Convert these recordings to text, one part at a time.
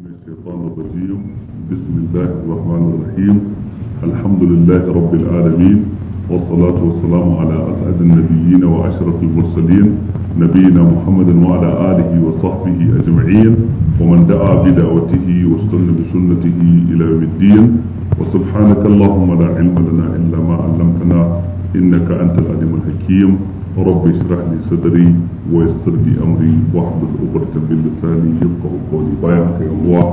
من الشيطان الرجيم بسم الله الرحمن الرحيم الحمد لله رب العالمين والصلاة والسلام على أسعد النبيين وأشرف المرسلين نبينا محمد وعلى آله وصحبه أجمعين ومن دعا بدعوته واستن بسنته إلى يوم الدين وسبحانك اللهم لا علم لنا إلا ما علمتنا إنك أنت العليم الحكيم رب اشرح لي صدري ويسر لي امري واحلل عقدة من لساني يفقه قولي بيانك يا الله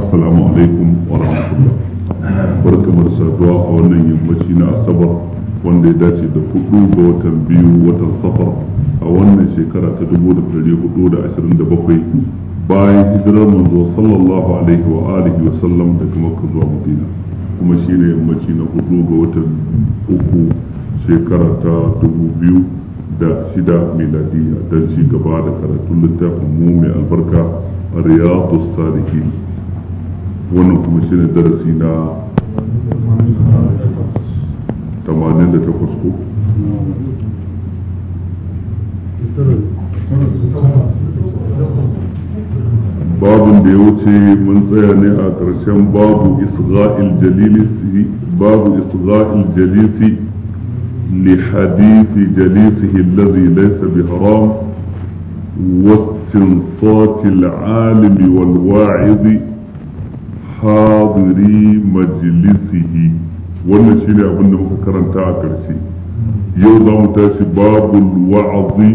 السلام عليكم ورحمة الله barka mu saduwa a wannan yammaci na asabar wanda ya dace da hudu ga watan biyu watan safar a wannan shekara ta dubu da dari hudu da ashirin da bakwai bayan hijirar manzo sallallahu alaihi wa alihi wa sallam kuma shine yammaci na hudu ga watan uku shekara ta dubu biyu da shida miladiya don ci gaba da karatun littafin mu mai albarka riyadu salihin wannan kuma shi ne darasi na 88 ko babin da ya wuce mun tsaya ne a ƙarshen babu isra'il jalisi babu isra'il jalisi لحديث جليسه الذي ليس بحرام واستنصات العالم والواعظ حاضري مجلسه wannan shi ne abin da muka karanta a ƙarshe yau za mu tashi babu wa'azi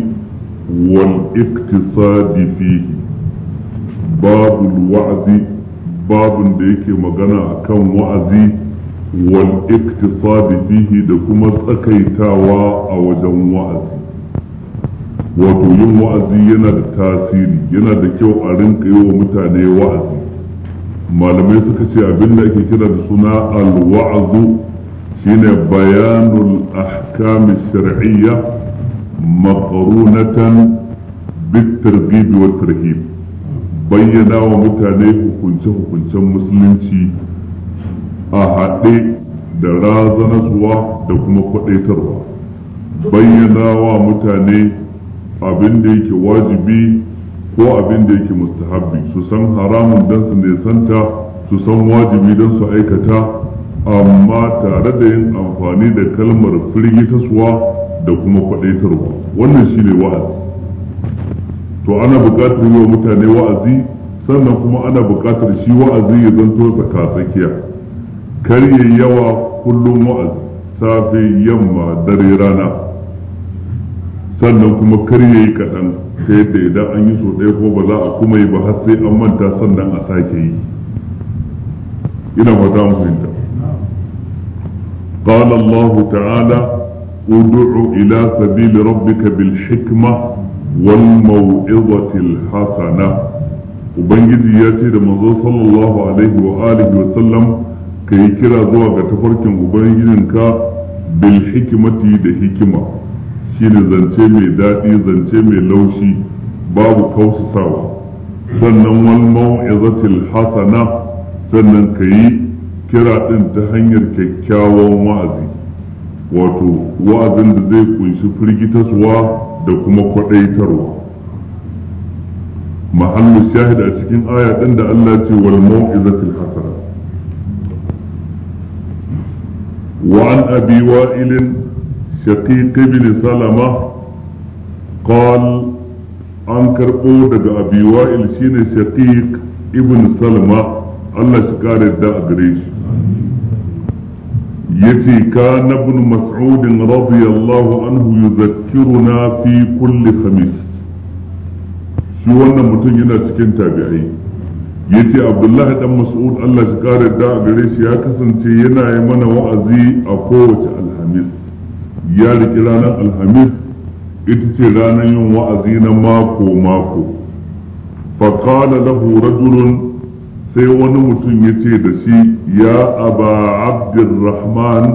wal wa'azi babun da yake magana akan wa'azi والاقتصاد da kuma tsakaitawa a wajen wa'azi wato yin wa'azi yana da tasiri yana da kyau a rinka yi wa mutane wa'azi malamai suka ce abin da ake kira da suna alwa'azu shine bayanul ahkam shar'iyya maqrunatan bitarghib wa tarhib bayyana wa mutane hukunce hukuncen musulunci a haɗe da razanaswa da kuma kwaɗaitarwa bayyana wa mutane abin da yake wajibi ko abin da yake mustahabbi su san haramun don su nesanta su san wajibi don su aikata amma tare da yin amfani da kalmar firgitaswa da kuma kwaɗaitarwa wannan shi ne wa'azi to ana buƙatar yi wa mutane wa'azi sannan kuma ana buƙatar shi wa'azi ya zanto tsakatsakiya kar ya yawa kullum wa'azi safe yamma dare rana sannan kuma kar ya yi kaɗan ta yadda idan an yi so ɗaya ko ba za a kuma yi ba har sai an manta sannan a sake yi ina fata mu fahimta قال الله تعالى ادع إلى سبيل ربك بالحكمة والموعظة الحسنة وبنجد ياتي لمنظور صلى الله عليه وآله وسلم ka yi kira zuwa ga tafarkin ka, bil hikimati da hikima shine zance mai daɗi zance mai laushi babu kausasawa sannan wal mau'izatil hasana sannan ka yi kira ɗin ta hanyar kyakkyawan wa'azi wato wa'azin da zai kunshi firgitaswa da kuma kwaɗaitarwa mahallu shahid a cikin aya ɗin da Allah ce wal mau'izatil hasana وعن أبي وائل شقيق بن سلمة قال أنكر أود أبي وائل شين شقيق ابن سلمة الله شكار الداء قريش يتي كان ابن مسعود رضي الله عنه يذكرنا في كل خميس shi wannan mutum yana cikin tabi'ai yace abdullahi dan mas'ud Allah shi kare da a gare shi ya kasance yana yi mana wa'azi a kowace alhamis ya riki ranar alhamis ita ce ranar yin wa'azi na mako mako faqala lahu rajulun sai wani mutum ya ce da shi ya aba abdurrahman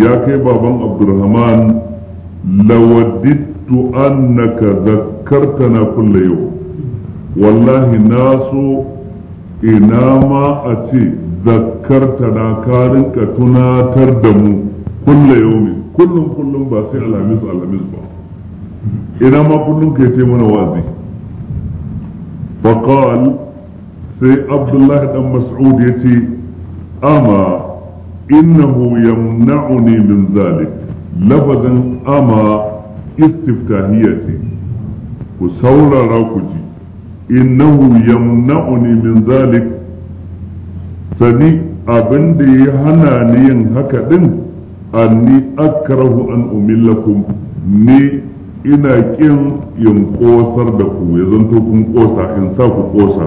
ya kai baban abdurrahman lawadittu annaka zakkartana kulle yau wallahi na so ina ma a ce zakkarta na karin ka tunatar da mu kulla yaumi kullum kullum ba sai alhamis alhamis ba ina ma kullum ka ce mana wazi faqal sai abdullahi dan mas'ud ya ce ama innahu yamna'uni min zalik lafazin ama istiftahiya ce ku saurara ku ji innahu yamna'uni min zalik sani abin da ya hana ni yin haka din anni akrahu an umillakum ni ina ƙin yin ƙosar da ku ya zanto kun kosa in sa ku kosa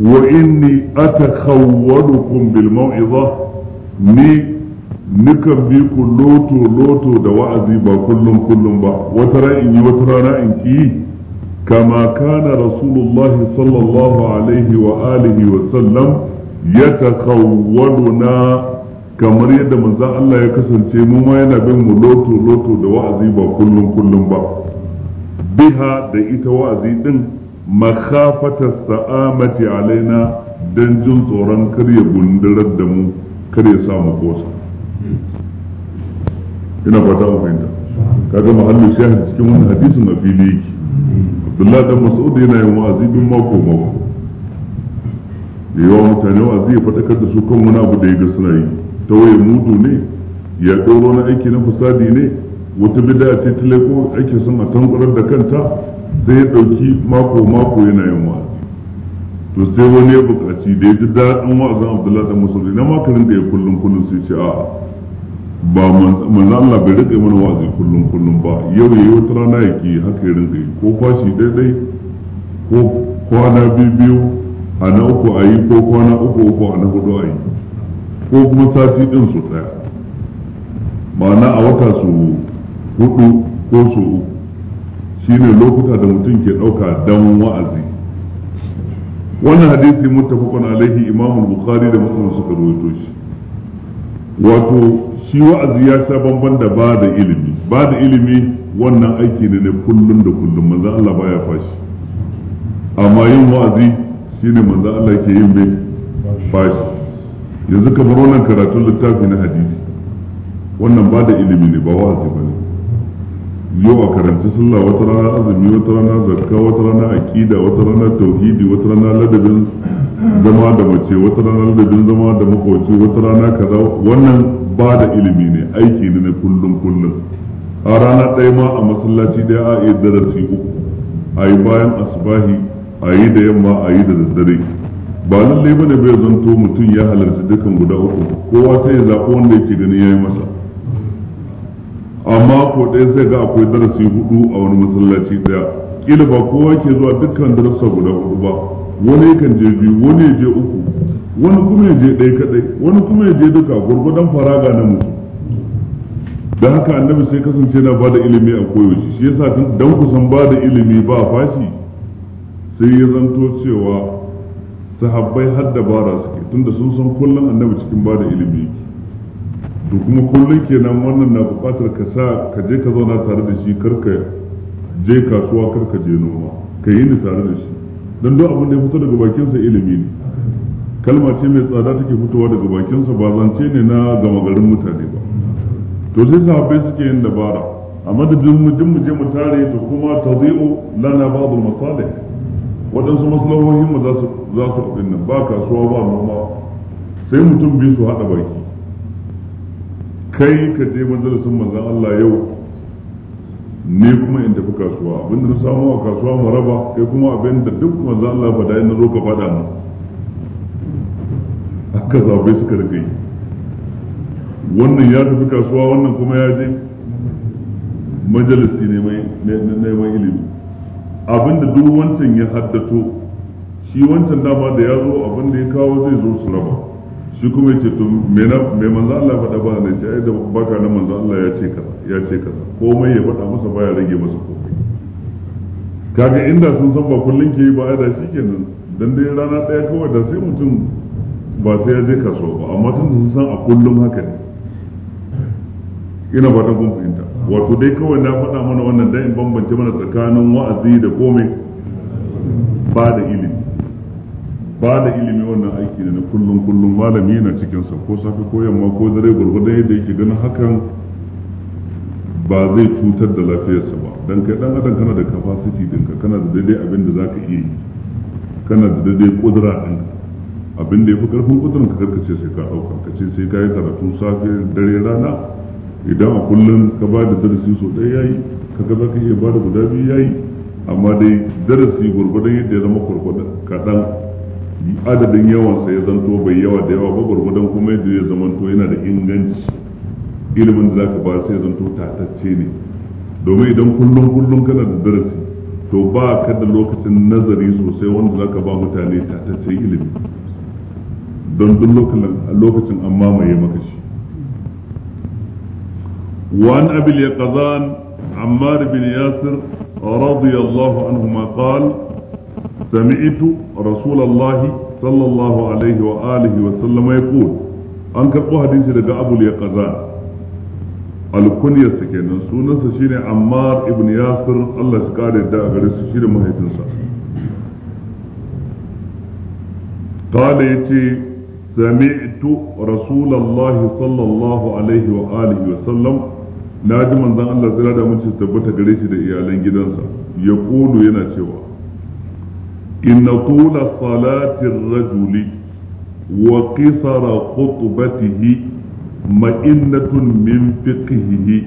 wa inni atakhawwadukum bil mau'iza ni nukan bi ku lotoloto da wa'azi ba kullum kullum ba wata ra'in yi wata rana in ki كما كان رسول الله صلى الله عليه وآله وسلم يتخولنا kamar yadda manzan Allah ya kasance mu yana bin mu lotoloto da wa'azi ba kullum kullum ba biha da ita wa'azi din makhafatar sa'amati alaina don jin tsoron karya bundurar da mu karya sa mu kosa ina fata mu fahimta kaga mahallu shahid cikin wannan hadisin a fili yake abdullahi dan mas'ud yana yin wa'azi duk mako mako mutane wa'azi ya faɗakar da su kan wani abu da ya ga suna yi ta waye mudu ne ya ɗauro na aiki na fasadi ne wata bida ce ta aiki ake son a tankurar da kanta sai ya ɗauki mako mako yana yin wa'azi to sai wani ya buƙaci da ya ji daɗin wa'azin abdullahi dan mas'ud na makarin da ya kullum kullum sai ce a'a ba manzo Allah bai rike mana wazi kullum kullum ba yau yayi wata rana yake haka ya rinka ko kwashi daidai ko kwana biyu a na uku a yi ko kwana uku uku a na hudu a yi ko kuma sati din su daya ma'ana a wata su hudu ko su uku shine lokuta da mutum ke dauka dan wa'azi wannan hadisi muttafaqun alaihi imamu bukhari da muslim suka rawaito shi wato shi wa'azi ya sha bamban da ba da ilimi ba da ilimi wannan aiki ne na kullum da kullum manzan Allah baya fashi amma yin wa'azi shine manzan Allah ke yin mai fashi yanzu kamar wannan karatun littafi na hadisi wannan ba da ilimi ne ba wa'azi ba ne yau a karanci sallah wata rana azumi wata rana zakka wata rana aqida wata rana tauhidi wata rana ladabin zama da mace wata rana ladabin zama da makoci wata rana kaza wannan ba da ilimi ne aiki ne na kullum kullum a rana ɗaya ma a masallaci ɗaya a iya darasi uku a yi bayan asubahi a yi da yamma a yi da daddare ba lallai ba bane bai zanto mutum ya halarci dukan guda uku kowa sai ya zaɓi wanda yake gani ya yi masa amma ko ɗaya sai ga akwai darasi hudu a wani masallaci ɗaya kila ba kowa ke zuwa dukkan darasa guda hudu ba wani kan je biyu wani ya je uku wani kuma ya je ɗaya kaɗai wani kuma ya je duka gurgudan faraga na mutum da haka annabi sai kasance na bada ilimi a koyaushe shi yasa dan kusan bada ilimi ba fashi sai ya zanto cewa sahabbai har dabara suke tunda sun san kullum annabi cikin bada ilimi to kuma kullum kenan wannan na buƙatar ka sa ka je ka zauna tare da shi kar ka je kasuwa kar ka je noma ka yi ni tare da shi don don abin da ya fito daga bakinsa ilimi ne kalma ce mai tsada take fitowa daga bakinsa ba zance ne na gama garin mutane ba to sai sahabbai suke yin dabara a madadin mu duk mu je mu tare to kuma tazi'u lana ba'd al-masalih waɗansu maslahohin mu za su za su abin nan ba kasuwa ba noma sai mutum biyu su haɗa baki kai ka je majalisin manzon Allah yau ni kuma in tafi kasuwa abinda na samu a kasuwa mu raba kai kuma abinda duk manzon Allah faɗa in na zo ka fada mu aka zaɓe suka rika yi wannan ya tafi kasuwa wannan kuma ya je majalisi neman ilimi abinda duk wancan ya haddato shi wancan dama da ya zo abinda ya kawo zai zo su raba shi kuma ce to me manzo Allah faɗa ba ne ai da baka na manzo Allah ya ce kaza ya ce kaza komai ya faɗa masa baya rage masa komai kaga inda sun san ba kullun ke yi ba da shikenan dan dai rana ɗaya kawai da sai mutum ba sai ya je kasuwa ba amma tun sun san a kullum haka ne ina fatan kun fahimta wato dai kawai na faɗa mana wannan dan in bambance mana tsakanin wa'azi da komai ba da ilimi ba da ilimi wannan aiki ne na kullum kullum malami yana cikin sa ko safe ko yamma ko dare gurgurdan yadda yake ganin hakan ba zai cutar da lafiyarsa ba dan kai dan adam kana da capacity dinka kana da daidai abin da zaka iya yi kana da daidai kudura dinka abin da ya fi karfin kudurin ka karkace sai ka ɗauka ka ce sai ka yi karatu safe dare rana idan a kullum ka ba da darasi so ɗaya yayi ka za ka iya ba da guda biyu yayi amma dai darasi gurgudan yadda ya zama kaɗan adadin yawansa ya zanto bai yawa da yawa ba gurgudan kuma yadda ya to yana da inganci ilimin da zaka ba sai ya zanto tatacce ne domin idan kullum kullum kana da darasi to ba ka da lokacin nazari sosai wanda zaka ba mutane tataccen ilimi don duk lokacin an mamaye maka shi وعن أبي اليقظان عمار بن ياسر رضي الله عنهما قال سمعت رسول الله صلى الله عليه وآله وسلم يقول أنك حديث أبو اليقظان kenan sunansa shine ammar ibn yasir allah a gare su mahaifinsa ya ce سمعت رسول الله صلى الله عليه وآله وسلم na ji manzon Allah tsira da mace tabbata gare shi da iyalan gidansa ya kulu yana cewa inna tula salati rajuli wa qisara khutbatihi ma'innatun min fiqhihi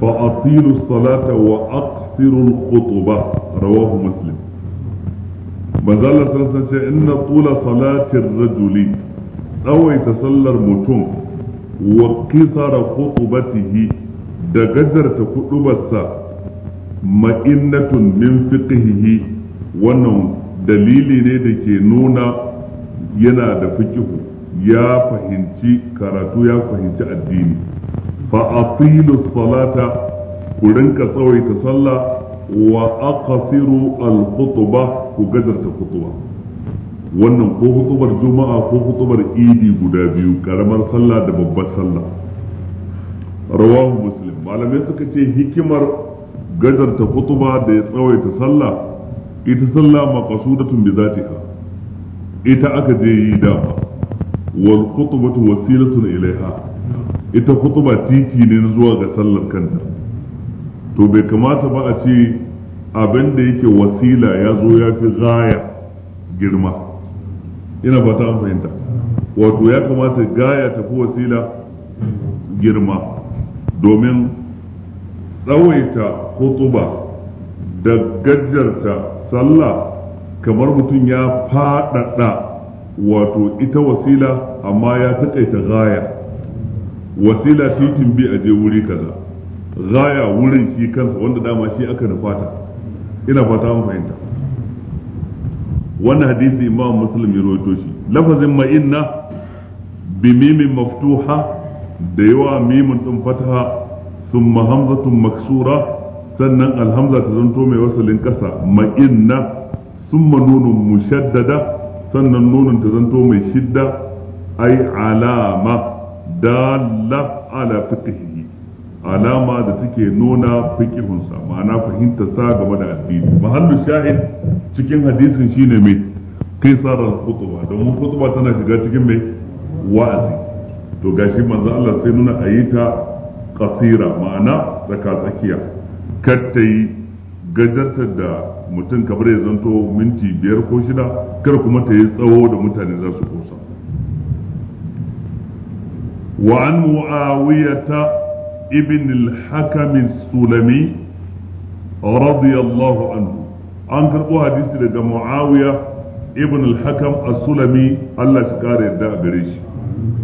fa atilu salata wa aqsiru al-khutba rawahu muslim manzon Allah tsira ce inna tula salati rajuli tsawaita sallar mutum wa kisara khutubatihi da gajarta kudubarsa ma'innatun min fiqhihi wannan dalili ne da ke nuna yana da fikihu ya fahimci karatu ya fahimci addini fa atilu salata ku rinka tsawaita sallah wa aqsiru al-khutbah ku gajarta khutbah wannan ko hutubar juma'a ko hutubar idi guda biyu karamar sallah da babbar sallah rawahu muslim malamai suka ce hikimar gajarta hutuba da ya tsawaita sallah ita sallah maqsudatun bi zatiha ita aka je yi dama wal khutbatu wasilatun ilaiha ita hutuba titi ne zuwa ga sallar kanta to bai kamata ba a ce abin da yake wasila ya zo ya fi gaya girma ina ba an fahimta wato ya kamata gaya tafi wasila girma domin tsawaita hutuba da gajjarta sallah kamar mutum ya faɗaɗa wato ita wasila amma ya taƙaita gaya wasila titin bi a je wuri kaza gaya wurin shi kansa wanda dama shi aka nufata ina fata an fahimta wannan hadisi imam muslim ya rawaito shi lafazin ma'inna bi mimin maftuha da yawa mimin din fataha summa hamzatun maksura sannan alhamza ta zanto mai wasalin kasa ma'inna summa nunun mushaddada sannan nunun ta zanto mai shidda ai alama dalla ala fiqhi alama da take nuna fikihunsa ma'ana fahimtarsa game da addini mahallu shahid cikin hadisin shine mai kaisar kutuba kutuba, domin kutuba tana shiga cikin mai wa'azi to gashi manzo Allah sai nuna ayi ta ma'ana tsaka tsakiya kar ta yi gajartar da mutum kamar ya zanto minti biyar ko shida kar kuma ta yi tsawo da mutane za su kosa وعن mu'awiyata ibn al-hakam sulami radiyallahu anhu an karɓo hadisi daga muawiya ibn al-hakam as-sulami Allah a gare shi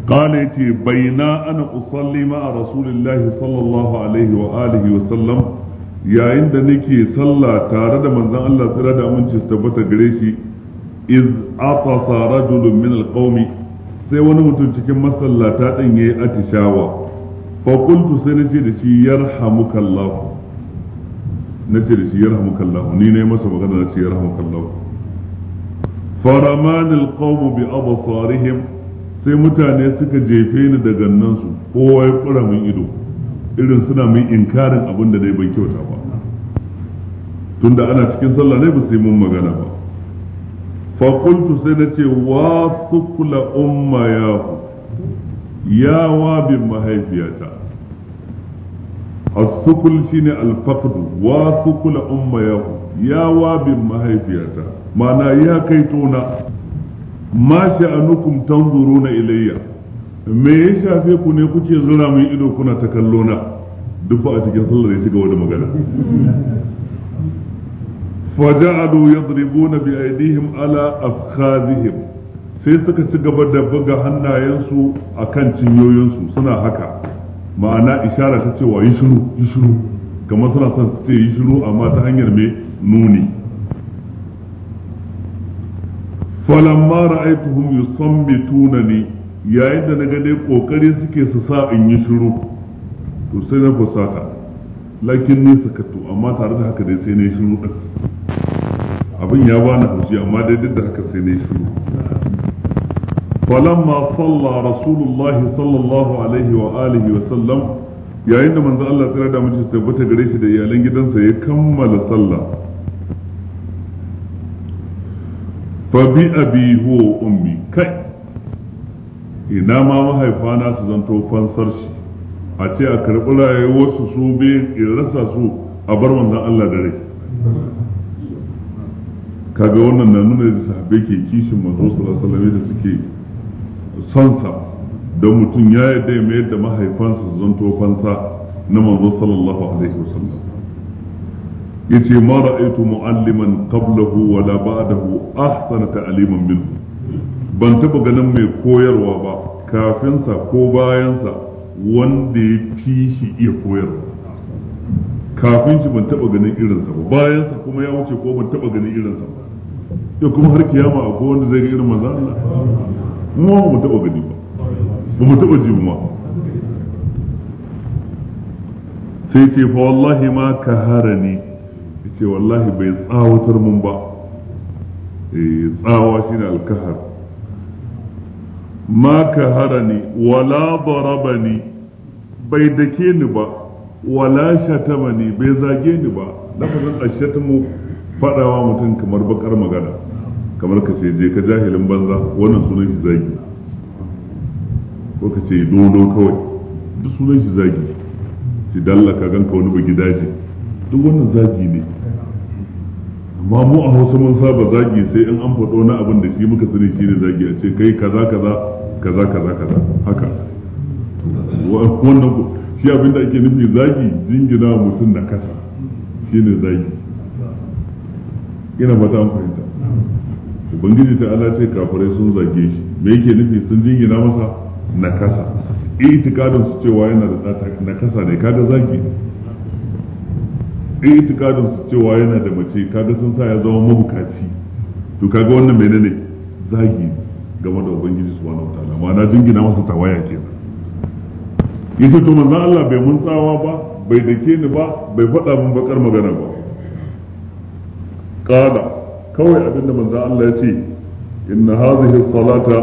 قال يتي بينا أنا أصلي مع رسول الله صلى الله عليه وآله وسلم يا عند نكي صلى تارد من ذا الله ترد من تستبت قريشي إذ أطس رجل من القوم sai wani mutum cikin masallata ɗin ya yi atishawa fa qultu sai nace da shi yarhamukallah nace da shi yarhamukallah ni ne masa magana nace yarhamukallah faraman alqawm bi absarihim sai mutane suka jefe ni da gannansu kowa ya kura ido irin suna min inkarin abin da dai ban kyauta ba tunda ana cikin sallah ne ba sai mun magana ba fa qultu sai nace wa sukula umma yahu ya wabin mahaifiyata asukul shine alfaqdu wa sukul umma yahu ya wabin mahaifiyata mana ya kai tona ma sha'anukum tanzuruna ilayya me ya shafe ku ne kuke zura min ido kuna ta kallo na duk a cikin sallar ya shiga wani magana faja'alu yadribuna bi aidihim ala afkhadhihim sai suka ci gaba da buga hannayensu a kan cinyoyinsu suna haka ma'ana ishara ta cewa yi shiru yi shiru kamar suna son su ce yi shiru amma ta hanyar mai nuni falamma ra'aituhum yusammituna ne yayin da na ga dai kokari suke su sa in yi shiru to sai na fusata lakin ni sakatu amma tare da haka dai sai na yi shiru abin ya bani haushi amma dai duk da haka sai na yi shiru فلما صلى رسول الله صلى الله عليه وآله وسلم yayin da manzo Allah tsira da ta tabbata gare shi da iyalan gidansa ya kammala sallah fa bi abi huwa ummi kai ina ma mahaifana su zanto fansar shi a ce a karɓi rayuwarsu su biyun in rasa su a bar manzon Allah da rai kaga wannan na nuna da sahabbai ke kishin manzo sallallahu alaihi da suke sansa da mutum ya yarda ya mayar da mahaifansa su zanto fansa na manzo sallallahu alaihi wasallam yace ma ra'aytu mu'alliman qablahu wa la ba'dahu ahsana ta'liman minhu ban taba ganin mai koyarwa ba kafinsa ko bayansa wanda ya fi shi iya koyarwa kafin shi ban taba ganin irinsa ba bayansa kuma ya wuce ko ban taba ganin irinsa ba ya kuma har kiyama akwai wanda zai ga irin manzo Allah mu ba mu taɓa gani ba ba mu taɓa ji ba. sai ce fa wallahi ma ka hara ne ce wallahi bai tsawatar mun ba eh, tsawa shi shine alkahar ma ka hara ne wala baraba ne bai dake ni ba wala shatama ne bai zage ni ba lafazin ashatamu faɗawa mutum kamar bakar magana kamar ka ce je ka jahilin banza wannan sunan shi zagi ko ka ce dodo kawai duk sunan shi zagi ci dalla ka ganka wani bugi daji duk wannan zagi ne amma mu a hausa mun saba zagi sai in an faɗo na abin da shi muka sani shi ne zagi a ce kai kaza kaza kaza kaza kaza haka wannan shi abinda ake nufi zagi jingina mutum na kasa shi ne zagi ina fata an fahimta ubangiji ta ala ce kafirai sun zage shi me yake nufi sun jingina masa nakasa itikadin su cewa yana da nakasa ne kaga zagi itikadin su cewa yana da mace kaga sun sa ya zama mabukaci to kaga wannan menene zagi game da ubangiji subhanahu wataala ma'ana jingina masa tawaya kenan yace to manzon Allah bai mun tsawa ba bai dake ni ba bai faɗa mun bakar magana ba qala kawai abinda manzo Allah ya ce inna hadhihi salata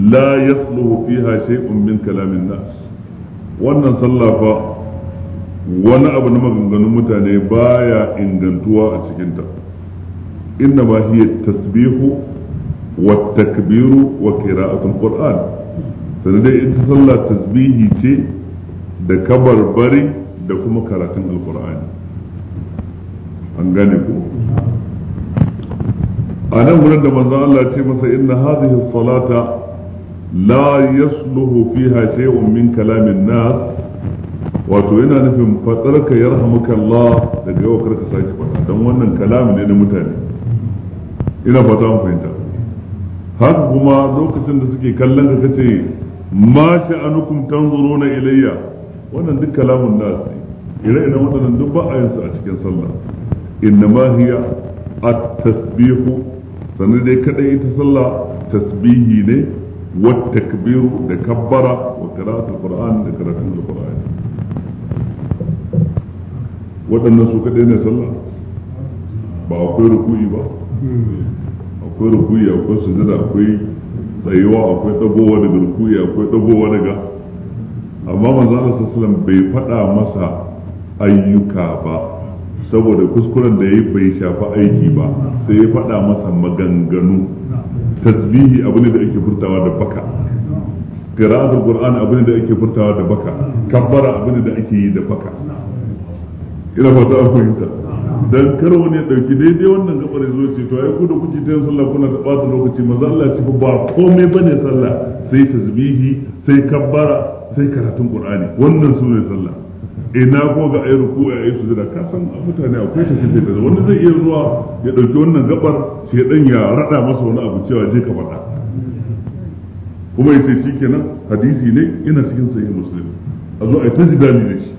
la yasluhu fiha shay'un min kalamin nas wannan sallah fa wani abu na maganganun mutane baya ingantuwa a cikinta inna ma hiya tasbihu wa takbiru wa qira'atul qur'an sannan dai ita sallah tasbihi ce da kabarbari da kuma karatun alqur'ani an gane ko a nan wurin da manzon Allah ce masa inna hadhihi salata la yasluhu fiha shay'un min kalamin nas wato yana nufin fadarka yarhamuka Allah daga yau karka sake faɗa dan wannan kalamin ne na mutane ina fata mun fahimta haka kuma lokacin da suke kallon ka kace ma sha'anukum tanzuruna ilayya wannan duk kalamun nas ne ire-iren waɗannan duk ba a a cikin sallah innama hiya at-tasbihu sannan dai kadai ita sallah tasbihi ne wa takbiru da kabbara wa karatu qur'an da karatun qur'ani waɗannan su kadai ne sallah ba akwai ruku'i ba akwai ruku'i akwai sujada akwai tsayuwa akwai dagowa daga ruku'i akwai dagowa daga amma manzo Allah sallallahu alaihi wasallam bai faɗa masa ayyuka ba saboda kuskuren da ya bai shafa aiki ba sai ya faɗa masa maganganu tasbihi abu ne da ake furtawa da baka qira'atul qur'an abu ne da ake furtawa da baka kabbara abu ne da ake yi da baka ina fata an fahimta dan kar wani ya dauki daidai wannan gabar yazo ce to ai ku da kuke ta sallah kuna da bata lokaci maza Allah ci ba komai bane sallah sai tasbihi sai kabbara sai karatun qur'ani wannan su sallah ina ko ga ayi ruku a yi sujuda ka san mutane akwai ta sai da wani zai iya zuwa ya dauki wannan gabar sai dan ya rada masa wani abu cewa je ka faɗa kuma yace shikenan hadisi ne ina cikin sahih muslim a zo a yi ta da shi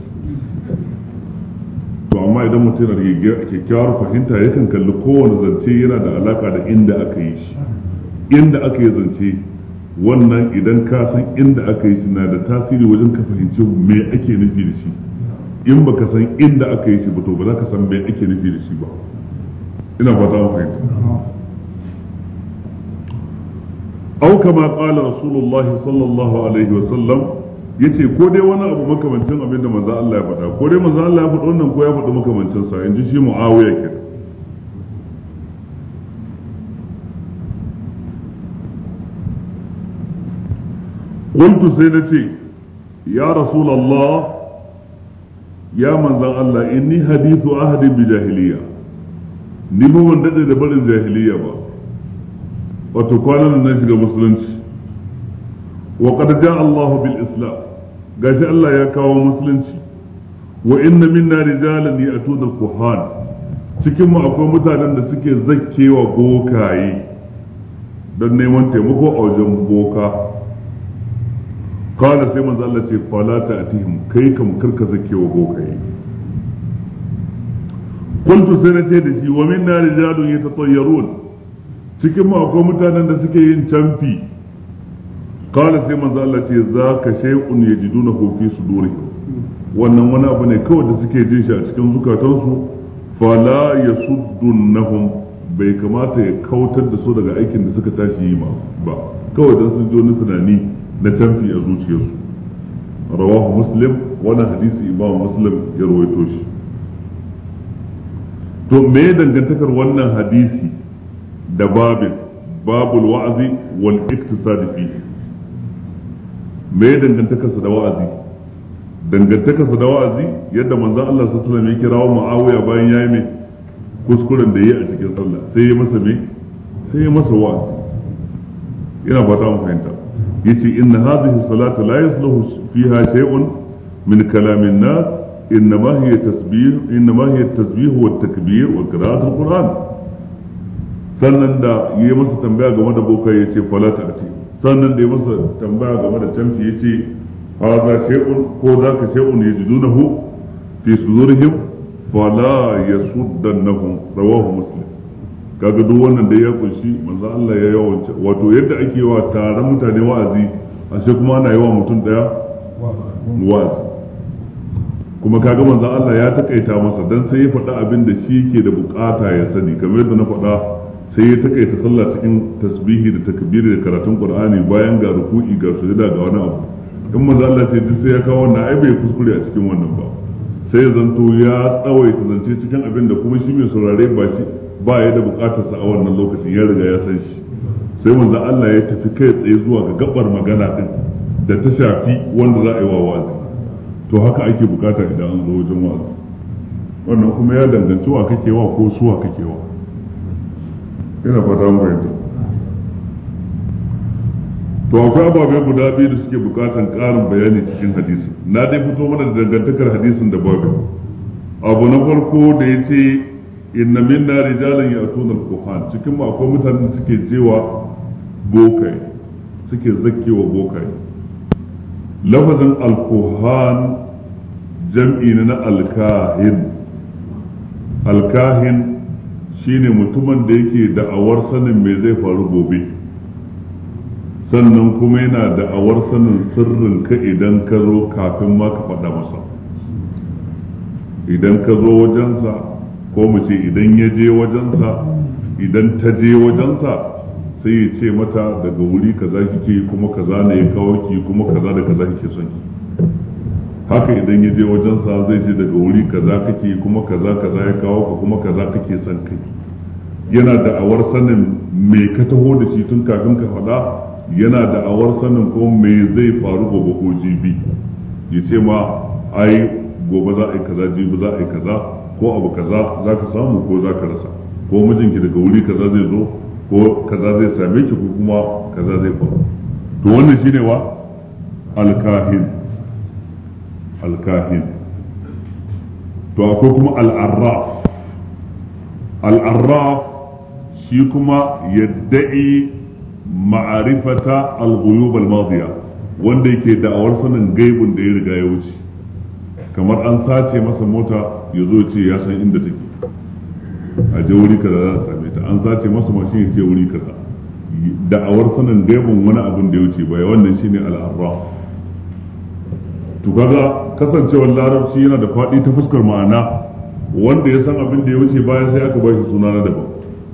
to amma idan mutum yana da kyakkyawar fahimta yakan kalli kowane zance yana da alaka da inda aka yi shi inda aka yi zance wannan idan ka san inda aka yi shi na da tasiri wajen ka fahimci me ake nufi da shi in baka san inda aka yi shi ba to ba za ka san me ake nufi da shi ba ina ba za mu fahimta aw kama qala rasulullahi sallallahu alaihi wa sallam yace ko dai wani abu makamancin abin da manzo Allah ya faɗa ko dai manzo Allah ya faɗa wannan ko ya faɗa makamancin sa yanzu shi muawiya kenan قلت سيدتي يا رسول الله ya manzan Allah inni hadithu ahadin bi jahiliya ni mu ban da barin jahiliya ba wato kwanan nan shiga musulunci wa qad jaa Allah bil islam gashi Allah ya kawo musulunci wa inna minna rijalan ya'tuna al-kuhan cikin mu akwai mutanen da suke zakkewa bokaye don neman taimako a wajen boka kala sai manzo Allah ce fala ta kai kam karka kewa bokaye kuntu sai na ce da shi wa minna rijalun yatatayyarun cikin mu mutanen da suke yin canfi kala sai manzo Allah ce zaka shay'un yajidunahu su sudurihim wannan wani abu ne kawai da suke jin shi a cikin zukatansu fala yasuddunhum bai kamata ya kautar da su daga aikin da suka tashi yi ba kawai dan sun ji wani tunani na canfi a zuciyarsu rawahu muslim wani hadisi imam muslim ya rawaito shi to me dangantakar wannan hadisi da babin babul wa'azi wal iktisadi fi me dangantakarsa da wa'azi dangantakarsa da wa'azi yadda manzon Allah sallallahu alaihi wasallam ya kirawo Muawiya bayan yayi mai kuskuren da yi a cikin sallah sai ya masa me sai ya masa wa'azi ina fata mu fahimta yace inna hadhihi salatu la yasluhu fiha shay'un min kalamin nas إنما هي تسبيح إنما هي التسبيح والتكبير وقراءة القرآن sannan da yi masa tambaya game da boka ya ce fala ta ati sannan da yi masa tambaya game da tamfi ya ce haza shay'un ko za ka ya zaka shay'un yajidunahu fi sudurihim fala nahu? rawahu muslim kaga duk wannan dai ya kunshi manzo Allah ya yawanci wato yadda ake wa taron mutane wa'azi ashe kuma ana yawa mutum daya wa'azi kuma kaga manzo Allah ya takaita masa dan sai ya faɗa abin da shi yake da bukata ya sani kamar yadda na faɗa sai ya takaita sallah cikin tasbihi da takbiri da karatun Qur'ani bayan ga ruku'i ga sujada ga wani abu in manzo Allah sai duk sai ya kawo wannan ai bai kuskure a cikin wannan ba sai zanto ya tsawaita zance cikin abin da kuma shi mai saurare ba shi ba ya da bukatar sa a wannan lokacin ya riga ya san shi sai manzo Allah ya tafi kai tsaye zuwa ga gabar magana din da ta shafi wanda za a yi wa wazi to haka ake bukata idan an zo wajen wazi wannan kuma ya danganci wa kake wa ko suwa kake wa ina fata mu fahimta to akwai ababe guda biyu da suke bukatan karin bayani cikin hadisi na dai fito mana da dangantakar hadisin da babu abu na farko da ya ce inna na rijalan ya atuna al cikin mu akwai mutanen da suke jewa bokai suke zakkewa bokai lafazin al jam'i na alkahin alkahin shine mutumin da yake da'awar sanin me zai faru gobe sannan kuma yana da awar sanin sirrin ka idan ka zo kafin ma ka faɗa masa idan ka zo wajensa ko mu ce idan ya je wajensa idan ta je wajensa sai ya ce mata daga wuri kaza kike kuma kaza ne ya kawo ki kuma kaza da kaza kike son ki haka idan ya je wajensa zai ce daga wuri kaza kake kuma kaza kaza ya kawo ka kuma kaza kake son kai yana da awar sanin me ka taho da shi tun kafin ka faɗa yana da awar sanin ko me zai faru gobe ko jibi ya ce ma ai gobe za a yi kaza jibi za a yi kaza ko abu kaza za ka samu ko za ka rasa ko mijinki daga wuri kaza zai zo ko kaza zai same ki ko kuma kaza zai faru to wannan shine wa alkahin alkahin to akwai kuma al'arraf al'arraf shi kuma yadda'i ma'arifata al-ghuyub al-madiya wanda yake da'awar sanin gaibun da ya riga ya wuce kamar an sace masa mota ya zo ce ya san inda take a je wuri kaza za a same ta an sace masa mashin ya ce wuri kaza da'awar sanin gaibun wani abin da ya wuce bai wannan shine al-arra to kaga kasancewar larabci yana da faɗi ta fuskar ma'ana wanda ya san abin da ya wuce bayan sai aka ba shi suna na daban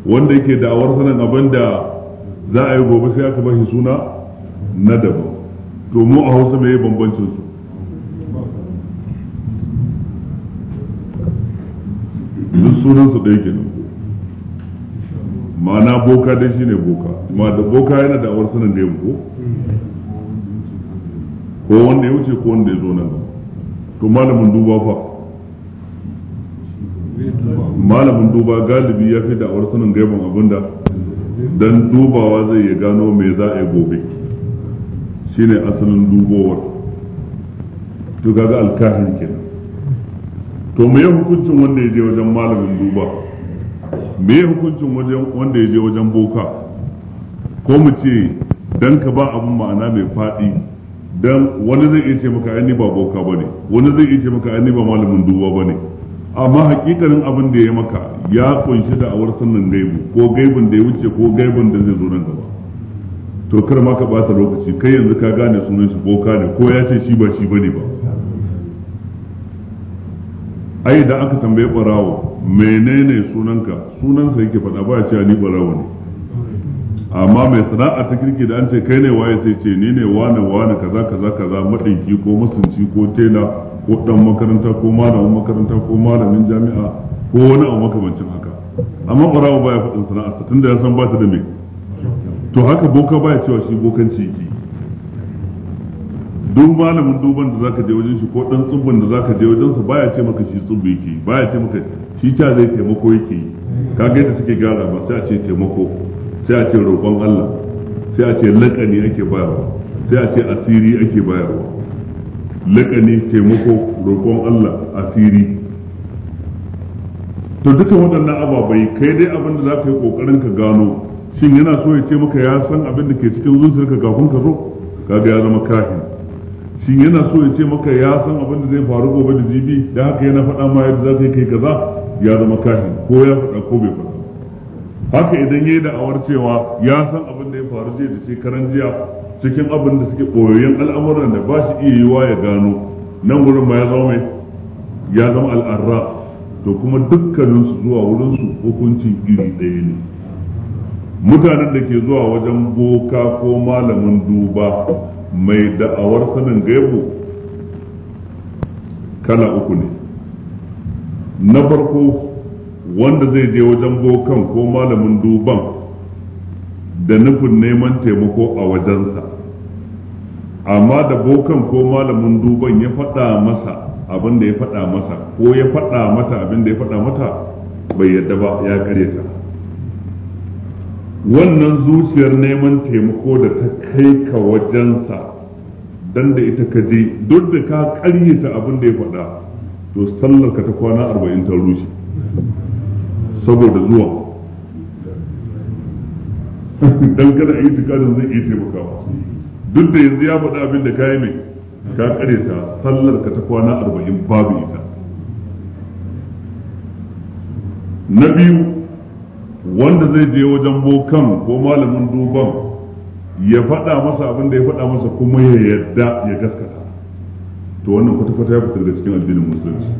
wanda yake da'awar sanin abin da za a yi gobe sai aka bashi suna na daban to mu a hausa mai bambancin su duk sunan su ɗaya kenan ma'ana boka dai shine boka ma da boka yana da awar sanin da ko ko wanda ya wuce ko wanda ya zo nan to malamin duba fa malamin duba galibi ya fi da awar sanin gaiban abinda don dubawa zai ya gano me za a yi gobe shine asalin dubowar to kaga alkahin kenan to me hukuncin wanda ya je wajen malamin duba me hukuncin wanda ya je wajen boka ko mu ce dan ka ba abin ma'ana mai faɗi dan wani zai iya ce maka ai ni ba boka bane wani zai iya ce maka ai ni ba malamin duba bane amma hakikanin abin da ya maka ya kunshi da awar sannan gaibu ko gaibun da ya wuce ko gaibun da zai zo nan gaba to kar ma ka bata lokaci kai yanzu ka gane sunan shi boka ne ko ya ce shi ba shi bane ba ai da aka tambaye barawo menene sunanka sunansa yake faɗa ba ya ce ni barawo ne amma mai sana'a ta kirki da an ce kai ne waye sai ce ni ne wane wane kaza kaza kaza madinki ko masunci ko tela ko dan makaranta ko malamin makaranta ko malamin jami'a ko wani abu makamancin haka amma barawo baya faɗin ta tunda ya san ba ta da me to haka boka baya cewa shi bokanci yake duk malamin duban da zaka je wajen shi ko dan tsubban da zaka je wajen sa baya ce maka shi tsubbi yake baya ce maka shi ta zai taimako yake yi da suke gara ba sai a ce taimako sai a ce roƙon Allah sai a ce laƙani ake bayarwa sai a ce asiri ake bayarwa laƙani taimako roƙon Allah asiri to duka waɗannan ababai kai dai abin da za ka yi ƙoƙarin ka gano shin yana so ya ce maka ya san abin da ke cikin zuciyarka kafin ka zo kaga ya zama kahin shin yana so ya ce maka ya san abin da zai faru gobe da jibi da haka yana faɗa ma yadda za ka yi kai kaza ya zama kahin ko ya faɗa ko bai faɗa haka idan yayi da'awar cewa ya san abin da ya faru jiya da shekaran jiya cikin abin da suke koyoyin al'amuran da ba shi iya yiwa ya gano nan gurin ma ya zama mai ya zama al'arra to kuma dukkaninsu zuwa wurinsu hukuncin iri ɗaya ne mutanen da ke zuwa wajen boka ko malamin duba mai da'awar sanin gaibu kala uku ne na farko wanda zai je wajen bokan ko malamin duban da nufin neman taimako a wajensa amma da bokan ko malamin duban ya faɗa masa abin da ya faɗa masa ko ya faɗa mata abin da ya faɗa mata bai yadda ba ya karyata wannan zuciyar neman taimako da ta kai ka wajensa dan da ita ka je duk da ka karyata abin da ya faɗa to sallar ka ta kwana arba'in ta rushe saboda zuwa dan kada yi tukadin zai iya taimakawa duk da yanzu ya faɗa abin da ka yi mai ka kare ta sallar ka ta kwana arba'in babu ita na biyu wanda zai je wajen bokan ko malamin duban ya faɗa masa abin da ya faɗa masa kuma ya yadda ya gaskata to wannan kwata-kwata ya fitar da cikin addinin musulunci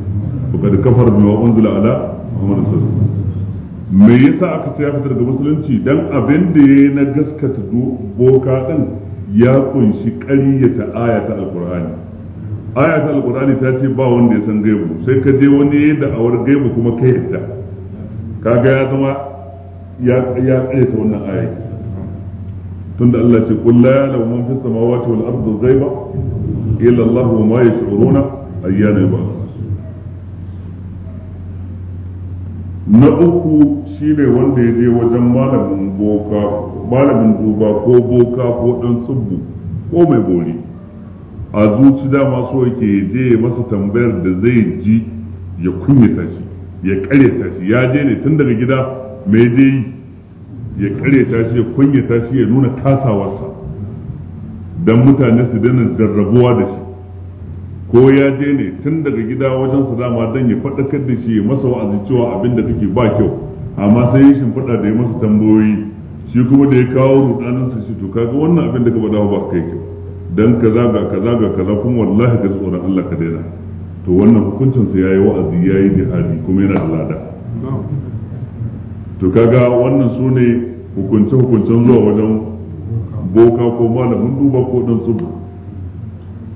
وقد kada kafar أنزل على Ala, صلى الله me yasa aka ce ya fita daga musulunci dan abin da yayi na gaskata boka din ya kunshi ƙaryata ayata alkur'ani ayata alqur'ani ta ce ba wanda ya san gaibu sai ka je wani da awar gaibu kuma ka yadda kaga ya zama ya ya ƙaryata wannan ayat tunda Allah ce qul ya ya'lamu man fis samawati wal ardi ghaiba illa Allah wa ma yash'uruna ayyana ba. na uku shi ne wanda ya je wajen malamin boka duba ko boka ko dan tsubbu ko mai bori a zuci dama so yake je masa tambayar da zai ji ya kunyata shi ya karyata shi ya je ne tun daga gida mai je yi ya karyata shi ya kunyata shi ya nuna tasawarsa don mutane su daina jarrabuwa da shi ko ya je ne tun daga gida wajen su dama don ya faɗakar da shi masa wa'azi cewa abin da kake ba kyau amma sai ya shimfiɗa da ya masa tambayoyi shi kuma da ya kawo rudaninsa shi to kaga wannan abin da ka faɗa ba kai ke dan kaza ga kaza ga kaza kuma wallahi ka tsoron Allah ka daina to wannan hukuncin sa yayi wa'azi yayi jihadi kuma yana da lada to kaga wannan sune hukunce hukuncen zuwa wajen boka ko malamin duba ko dan subu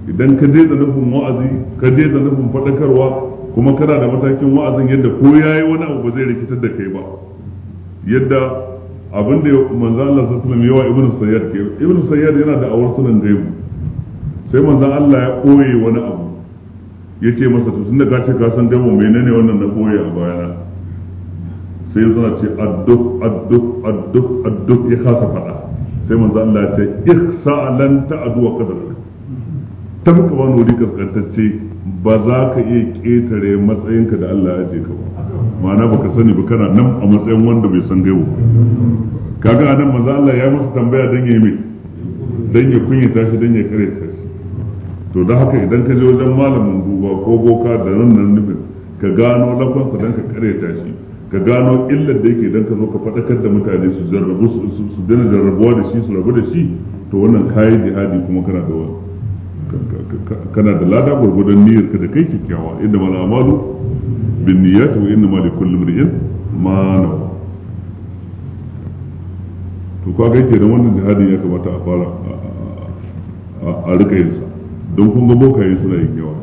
idan ka je da nufin wa'azi ka je da nufin faɗakarwa kuma kana da matakin wa'azin yadda ko yayi wani abu ba zai rikitar da kai ba yadda abin da manzo Allah sallallahu alaihi wasallam yawa ibnu sayyad ke ibnu sayyad yana da awar sunan gaibu sai manzo Allah ya koye wani abu ya ce masa to tunda ka ce ka san gaibu menene wannan na koye a bayana sai ya zana ce adduk adduk adduk adduk ya kasa fada sai manzo Allah ya ce ihsa lan ta'du wa qadar tafi ka wani wuri kaskantacce ba za ka iya ƙetare matsayinka da Allah ya aje ka ba ma'ana baka sani ba kana nan a matsayin wanda bai san gaibu kaga anan manzo Allah ya masa tambaya dan ya mai dan ya kunyata shi dan ya kare ta shi to da haka idan ka je wajen malamin duba ko boka da nan nan nufin ka gano lafansa don ka kare ta shi ka gano illar da yake dan ka zo ka faɗakar da mutane su jarrabu su dana jarrabuwa da shi su rabu da shi to wannan kayi jihadi kuma kana da wani kana da lada gurgudan niyyar ka da kai kyakkyawa inda mala amalu bin niyyat wa inna ma kulli imrin ma nawa to ka ga kenan wannan jihadin ya kamata a fara a rika yin sa don kun ga bokaye suna yin yawa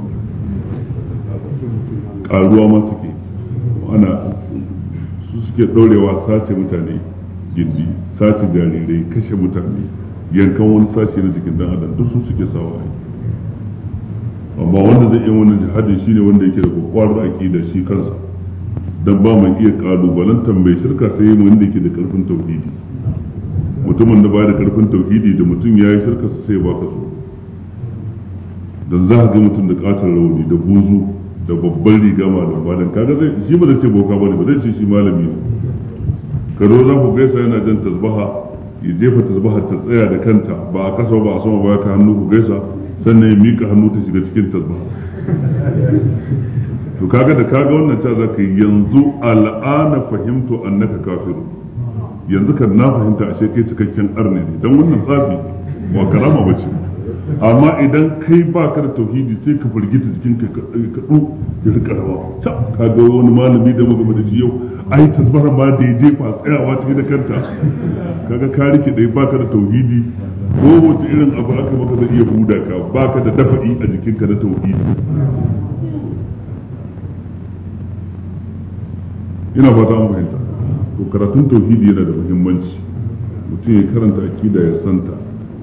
karuwa ma suke ana su suke ɗorewa sace mutane gindi sace jarirai kashe mutane yankan wani sashi na jikin dan adam duk su suke sawa aiki amma wanda zai iya wannan jihadi shi ne wanda yake da kwakwarar da shi kansa don ba mai iya kalubalen tambayi shirka sai yi wanda yake da karfin tauhidi mutumin da baya da karfin tauhidi da mutum ya yi shirka sai ba ka so don za ka ga mutum da katon rauni da buzu da babban riga ma da malam kaga zai shi ba zai ce boka ne ba zai ce shi malami ne ka zo za ku gaisa yana jan tasbaha ya jefa tasbaha ta tsaya da kanta ba a kasa ba a sama ba ka hannu ku gaisa sannan ya miƙa hannu ta shiga cikin tasba to kaga da kaga wannan ta zaka yanzu al'ana fahimto annaka kafiru yanzu kan na fahimta ashe kai cikakken arne ne dan wannan tsafi wa karama bace amma idan kai ba ka da tauhidi sai ka firgita jikin ka kaɗu ya rika rawa ka ga wani malami da muka da shi yau ai tasbara ma da je fa tsayawa cikin da kanta kaga ka rike dai ba ka da tauhidi ko wata irin abu aka maka zai iya huda ka ba ka da dafa'i a jikin ka na tauhidi ina fata mu fahimta to karatun tauhidi yana da muhimmanci mutum ya karanta akida ya santa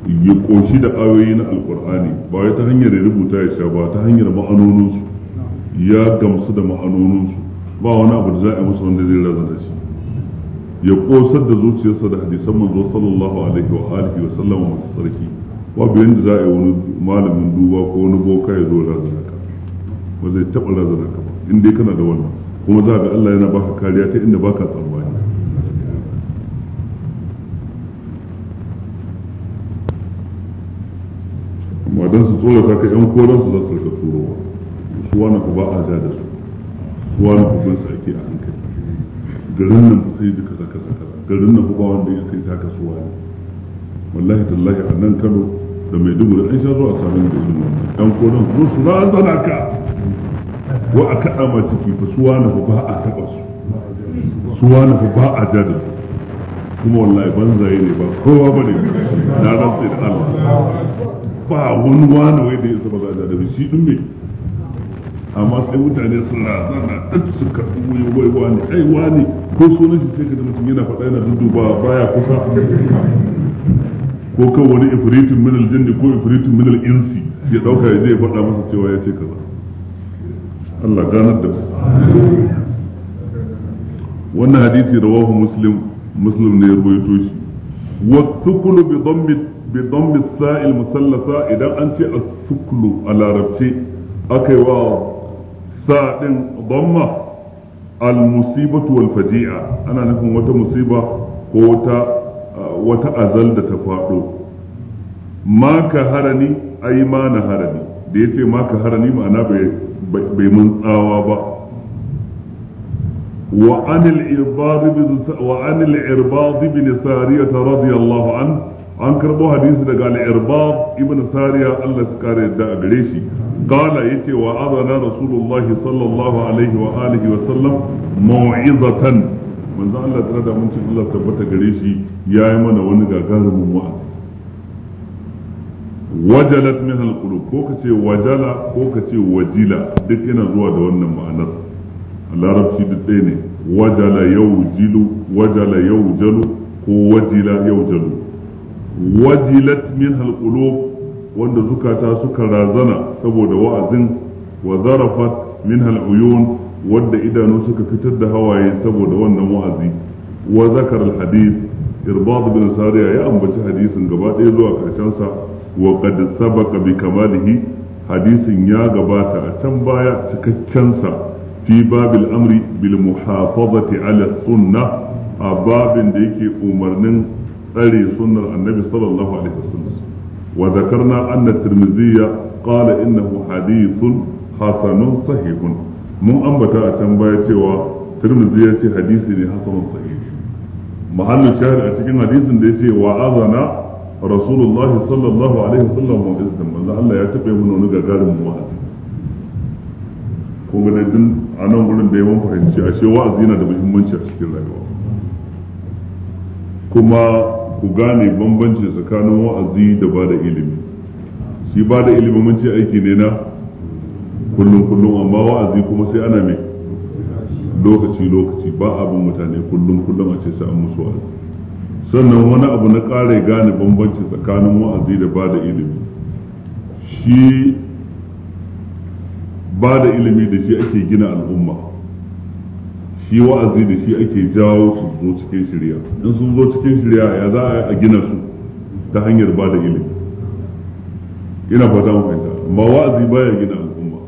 ya ƙoshi da ayoyi na alkur'ani ba wai ta hanyar rubuta ya sha ba ta hanyar ma'anoninsu ya gamsu da ma'anoninsu ba wani abu da za a yi musu wanda zai raza da shi ya ƙosar da zuciyarsa da hadisan manzo sallallahu alaihi wa alihi wa sallama masu sarki biyan da za a yi wani malamin duba ko wani boka ya zo raza ka ba zai taɓa raza ka ba in dai kana da wannan kuma za ga Allah yana baka kariya ta inda baka tsammani don su tsorata ka yan koren su za su rika turowa su wani ku ba a ja da su su wani ku bin ake a hankali garin nan sai da kaza kaza kaza garin nan ku ba wanda ya kai ta kasuwa ne wallahi tallahi a nan kano da mai dubu da an sha zuwa samun da irin wannan yan koren su su razana ka wa a kaɗa ma ciki ba su wani ku ba a taɓa su su wani ku ba a ja da su kuma wallahi banzaye ne ba kowa ba ne na rantsi da Allah ba wani wani wai da ya zama zaza da shi din amma sai mutane suna zana ɗan su karɓi wuyi wai wani ai wani ko sunan shi sai ka zama mutum yana faɗa yana dudduba baya kusa ko kan wani ifritin minal aljanni ko ifritin minal insi ya ɗauka ya je ya faɗa masa cewa ya ce kaza Allah ganar da wannan hadisi rawahu muslim muslim ne ya rubuto shi wa thukul bi dhammi Bidon dhammi musallasa idan an ce a suklu a larabci akai wa Sa'adin Bamma, al-musibatu wal faji'a ana nufin wata musiba ko wata uh, wata azal da ta faɗo ma ka harani ai ma na harani da ya ce ma ka harani ma'ana bai mun tsawa ba وعن الإرباض بن سارية رضي radiyallahu عنه an karbo hadisi daga al-irbab ibn sariya Allah ya kare yadda a gare shi qala yace wa azana rasulullah sallallahu alaihi wa alihi wa sallam mau'izatan manzo Allah tare da mutum Allah tabbata gare shi yayi mana wani gagarumin wa'azi wajalat min al-qulub ko kace wajala ko kace wajila duk yana zuwa da wannan ma'anar a larabci duk ɗaya ne wajala yaujilu wajala yaujalu ko wajila jalu. wajilat min halqulub wanda zukata suka razana saboda wa'azin wa zarafat min haluyun wanda idanu suka fitar da hawaye saboda wannan wa'azi wa zakar alhadith irbad bin sariya ya ambaci hadisin gaba ɗaya zuwa karshen sa wa qad sabaqa bi kamalihi hadisin ya gabata a can baya cikakken sa fi babil amri bil muhafazati ala sunnah a babin da yake umarnin tsare sunnar annabi sallallahu alaihi wasallam wa zakarna anna tirmidhi qala innahu mun ambata a can baya cewa tirmidhi ya ce hadisi ne hasanun sahih a cikin hadisin da yace wa azana rasulullahi ya tabe mun wani ko a nan gurin da yawan fahimci ashe wa'azi yana da muhimmanci a cikin rayuwa kuma ku gane bambanci tsakanin wa'azi da ba da ilimi shi ba da ilimi mun ce aiki ne na kullum kullum amma wa'azi kuma sai ana mai lokaci lokaci ba abin mutane kullum kullum a ce sai an musu wa'azi sannan wani abu na kare gane bambanci tsakanin wa'azi da ba da ilimi shi ba da ilimi da shi ake gina al'umma shi wa'azi da shi ake jawo su zo cikin shirya in sun zo cikin shirya ya za a gina su ta hanyar ba da ilimi ina fata mu fahimta amma wa'azi baya gina al'umma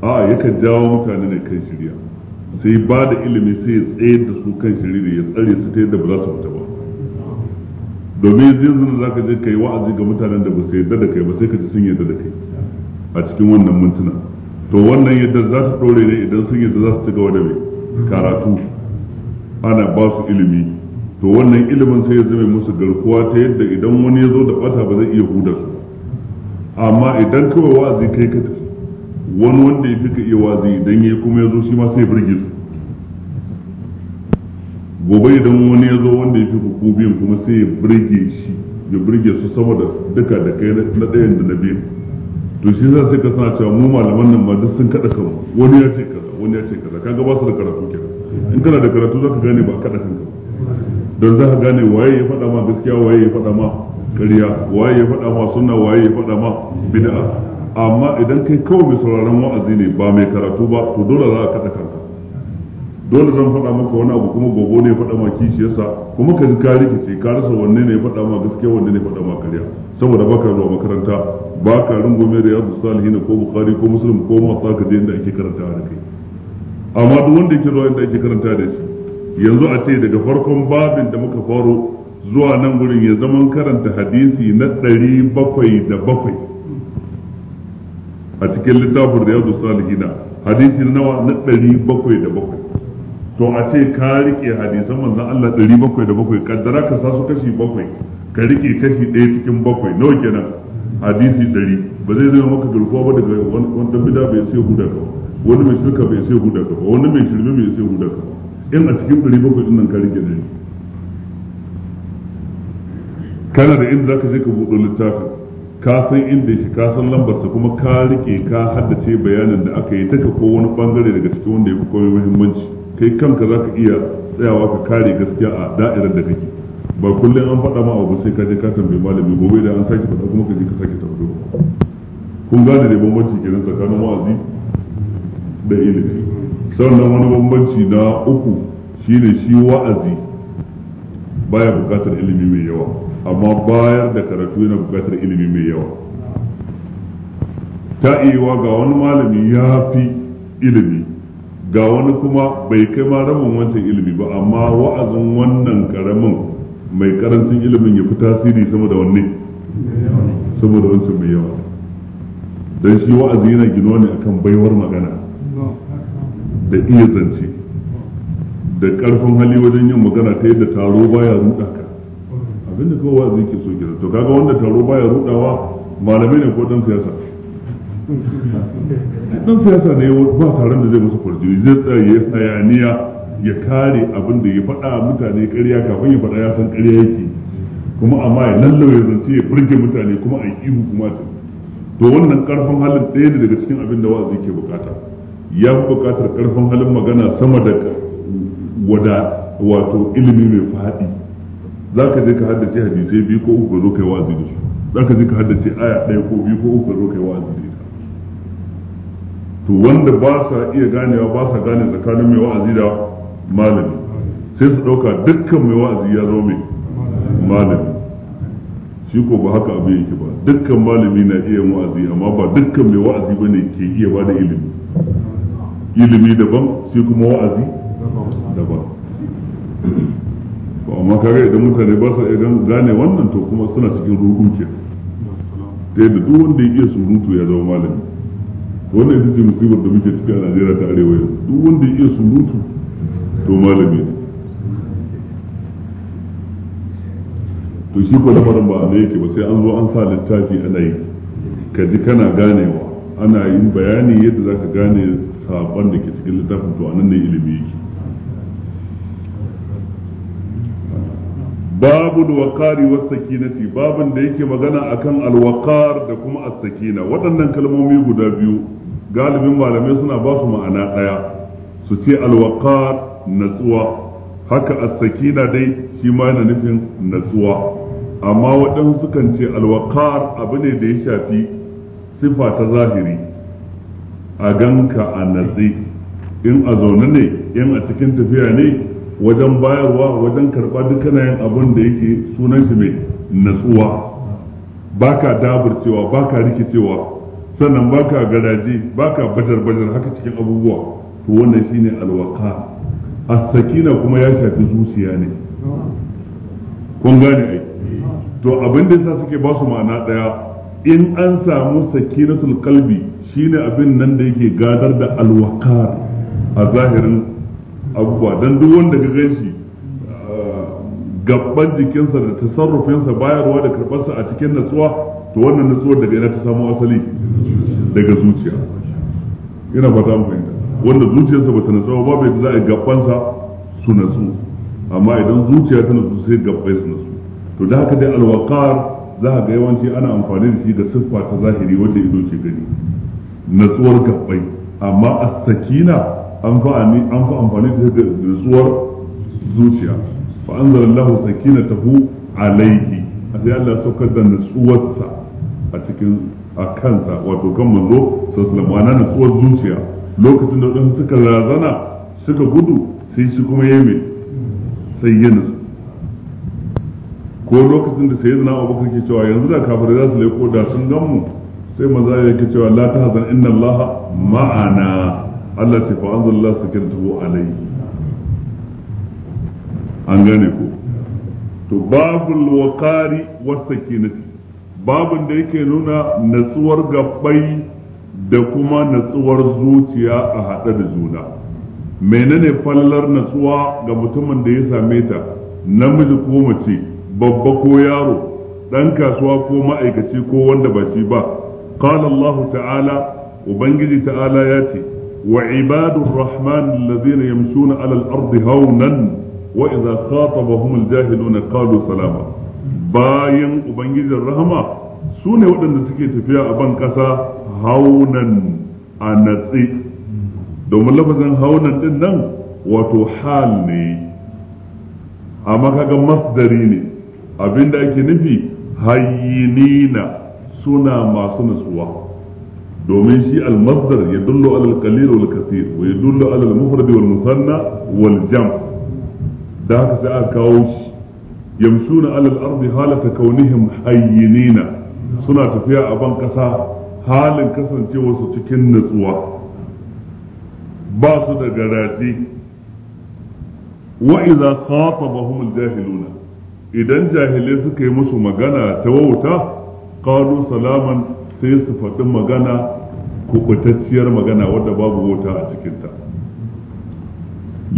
a yakan jawo mutane ne kan shirya sai ba da ilimi sai ya tsayar da su kan shirya ya tsare su ta yadda ba za su fita ba domin yanzu za ka je ka yi wa'azi ga mutanen da ba su yadda da kai ba sai ka ji sun yadda da kai a cikin wannan mintuna to wannan yadda za su ɗore ne idan sun yadda za su ci gaba da mai karatu ana ba su ilimi to wannan ilimin sai ya zama musu garkuwa ta yadda idan wani ya zo da bata ba zai iya huda su amma idan kawai wazi kai ka tafi wani wanda ya fi ka iya wazi idan ya kuma ya zo shi ma sai ya birge su gobe idan wani ya zo wanda ya fi ku biyan kuma sai ya birge shi ya birge su sama da duka da kai na ɗayan da na biyun to shi za sai ka sana cewa mu malaman nan ma duk sun kada kan wani ya ce kaza wani ya ce kaza kaga ba su da karatu kenan in kana da karatu zaka gane ba kada kanka don zaka gane waye ya faɗa ma gaskiya waye ya faɗa ma ƙarya waye ya faɗa ma sunna waye ya faɗa ma bid'a amma idan kai kawai mai sauraron wa'azi ne ba mai karatu ba to dole za ka kada kanka dole zan faɗa maka wani abu kuma gobe ne ya faɗa ma kishiyarsa kuma ka ji ka rikice ka rasa wanne ne ya faɗa ma gaskiya wanne ne ya faɗa ma ƙarya saboda baka zuwa makaranta baka rungume da yadda salihin ko bukari ko muslim ko masu aka je inda ake karanta da kai amma duk wanda yake zuwa inda ake karanta da shi yanzu a ce daga farkon babin da muka faro zuwa nan gurin ya zaman karanta hadisi na ɗari bakwai da bakwai a cikin littafin da yadda salihina hadisi na nawa na ɗari bakwai da bakwai to a ce ka riƙe hadisan manzan Allah ɗari bakwai da bakwai kaddara ka sa su kashi bakwai ka rike kashi ɗaya cikin bakwai nawa kenan hadisi ɗari ba zai zama maka garkuwa ba daga wanda bida bai sai huda ka wani mai shirka bai sai huda ka wani mai shirme bai sai huda ka in a cikin ɗari bakwai ɗin nan ka rike ɗari kana da inda zaka je ka buɗo littafin ka san inda shi ka san lambarsa kuma ka rike ka haddace bayanin da aka yi taka ko wani bangare daga cikin wanda ya fi komai muhimmanci kai kanka zaka iya tsayawa ka kare gaskiya a da'irar da kake ba kullum an faɗa ma abu sai ka je ka tambayi malami gobe da an sake faɗa kuma ka je ka sake tambayo kun gane da bambanci kenan tsakanin wa'azi da ilimi sannan wani bambanci na uku shine shi wa'azi baya buƙatar ilimi mai yawa amma bayar da karatu yana buƙatar ilimi mai yawa ta iya ga wani malami ya fi ilimi ga wani kuma bai kai ma rabin wancan ilimi ba amma wa'azin wannan karamin mai karancin ilimin ya fi tasiri sama da wanne sama da wancan mai yawa don shi wa'azi yana ginuwa ne akan baiwar magana da iya zance da karfin hali wajen yin magana ta yadda taro baya ruɗa ka abinda kawai wa'azi ke so gina to kaga wanda taro baya ruɗawa malamai ne ko dan siyasa dan siyasa ne ba taron da zai masa kwarjiri zai tsaye hayaniya ya kare abin da ya faɗa mutane ƙarya kafin ya faɗa ya san ƙarya yake kuma amma ya lallawa zance ya burge mutane kuma a yi ihu kuma ta to wannan ƙarfin halin ɗaya ne daga cikin abin da wa'azi ke bukata ya fi bukatar ƙarfin halin magana sama da wada wato ilimi mai faɗi za ka je ka haddace hadisai biyu ko uku zo kai wa'azi da su za ka je ka haddace aya ɗaya ko biyu ko uku zo kai wa'azi da ita to wanda ba sa iya ganewa ba sa gane tsakanin mai wa'azi da malami sai su ɗauka dukkan mai wa'azi ya zo mai malami shi ko ba haka abu yake ba dukkan malami na iya wa'azi amma ba dukkan mai wa'azi ba ne ke iya ba da ilimi ilimi daban shi kuma wa'azi daban ba amma kare idan mutane ba sa idan gane wannan to kuma suna cikin ruɗu ke ta yadda duk wanda ya iya surutu ya zama malami wannan ita ce musibar da muke cikin a najeriya ta arewa yanzu duk wanda ya iya surutu to malami to shi ko lamarin ba ne yake ba sai an zo an sa littafi ana yi ka ji kana ganewa ana yin bayani yadda za ka gane sabon da ke cikin littafin to anan ne ilimi yake babu da alwaqari was sakinati babin da yake magana akan alwaqar da kuma as-sakina waɗannan kalmomi guda biyu galibin malamai suna ba su ma'ana ɗaya su ce alwaqar natsuwa haka as-sakina dai shi ma yana nufin natsuwa amma waɗansu sukan ce alwakar abu ne da ya shafi sifa ta zahiri a ganka a natsi in a zaune ne in a cikin tafiya ne wajen bayarwa wajen karɓa dukkanin yin abin da yake sunan shi mai natsuwa baka daburcewa baka rikicewa sannan baka garaje baka bajar-bajar haka cikin abubuwa to wannan shine alwak'a. asakina sakina kuma ya shafi zuciya ne kun gane ai to abin da yasa suke ba su ma'ana daya in an samu sakinatul qalbi shine abin nan da yake gadar da alwakar a zahirin abubuwa dan duk wanda ka shi ah, gaban jikinsa da tasarrufinsa bayarwa da karbarsa a cikin natsuwa to wannan natsuwar daga yana ta samu asali daga zuciya ina fata mu fahimta wanda zuciyarsa bata natsu ba bai za a gabansa su natsu amma idan zuciya ta natsu sai gabbai su natsu to da haka dai alwaqar za a ga yawanci ana amfani da shi da siffa ta zahiri wanda ido ke gani natsuwar gabbai amma as-sakina an fa an fa amfani da nutsuwar zuciya fa anzalallahu sakinatahu alayhi sai Allah ya saukar da natsuwarsa a cikin a kansa wato kan manzo sallallahu alaihi wasallam ana zuciya lokacin da wadansu suka razana suka gudu sai shi kuma ya mai sai ya nasu ko lokacin da sai zana abu ke cewa yanzu da kafir za su leko da sun gan mu sai maza ya ke cewa la ta hazan inna allaha ma'ana Allah ce fa anzalallahu sakinatuhu alai. an gane ko to babul waqari was sakinati babun da yake nuna natsuwar gabbai da kuma natsuwar zuciya a haɗe da juna menene fallar natsuwa ga mutumin da ya same ta namiji ko mace babba ko yaro ɗan kasuwa ko ma'aikaci ko wanda ba shi ba qala ta'ala ubangiji ta'ala ya ce wa ibadur rahman allazina yamshuna 'ala al-ardi hawnan wa idza khatabahum al-jahiluna qalu salama bayan ubangijin rahama su ne waɗanda suke tafiya a ban ƙasa haunan a natsi domin lafazin haunan din nan wato hal ne amma kaga masdari ne abinda ake nufi hayyinina suna masu nutsuwa domin shi almasdar ya dullo alal qalil wal kathir wa ya dullo alal mufrad wal musanna wal jam da haka sai aka kawo shi yamshuna alal ardi halata kaunihim hayyinina suna tafiya a ban kasa halin kasancewa su cikin nutsuwa ba su da garaji wa idza khatabahum aljahiluna idan jahilai suka yi musu magana ta wauta qalu salaman sai su faɗi magana kubutacciyar magana wadda babu wauta a cikinta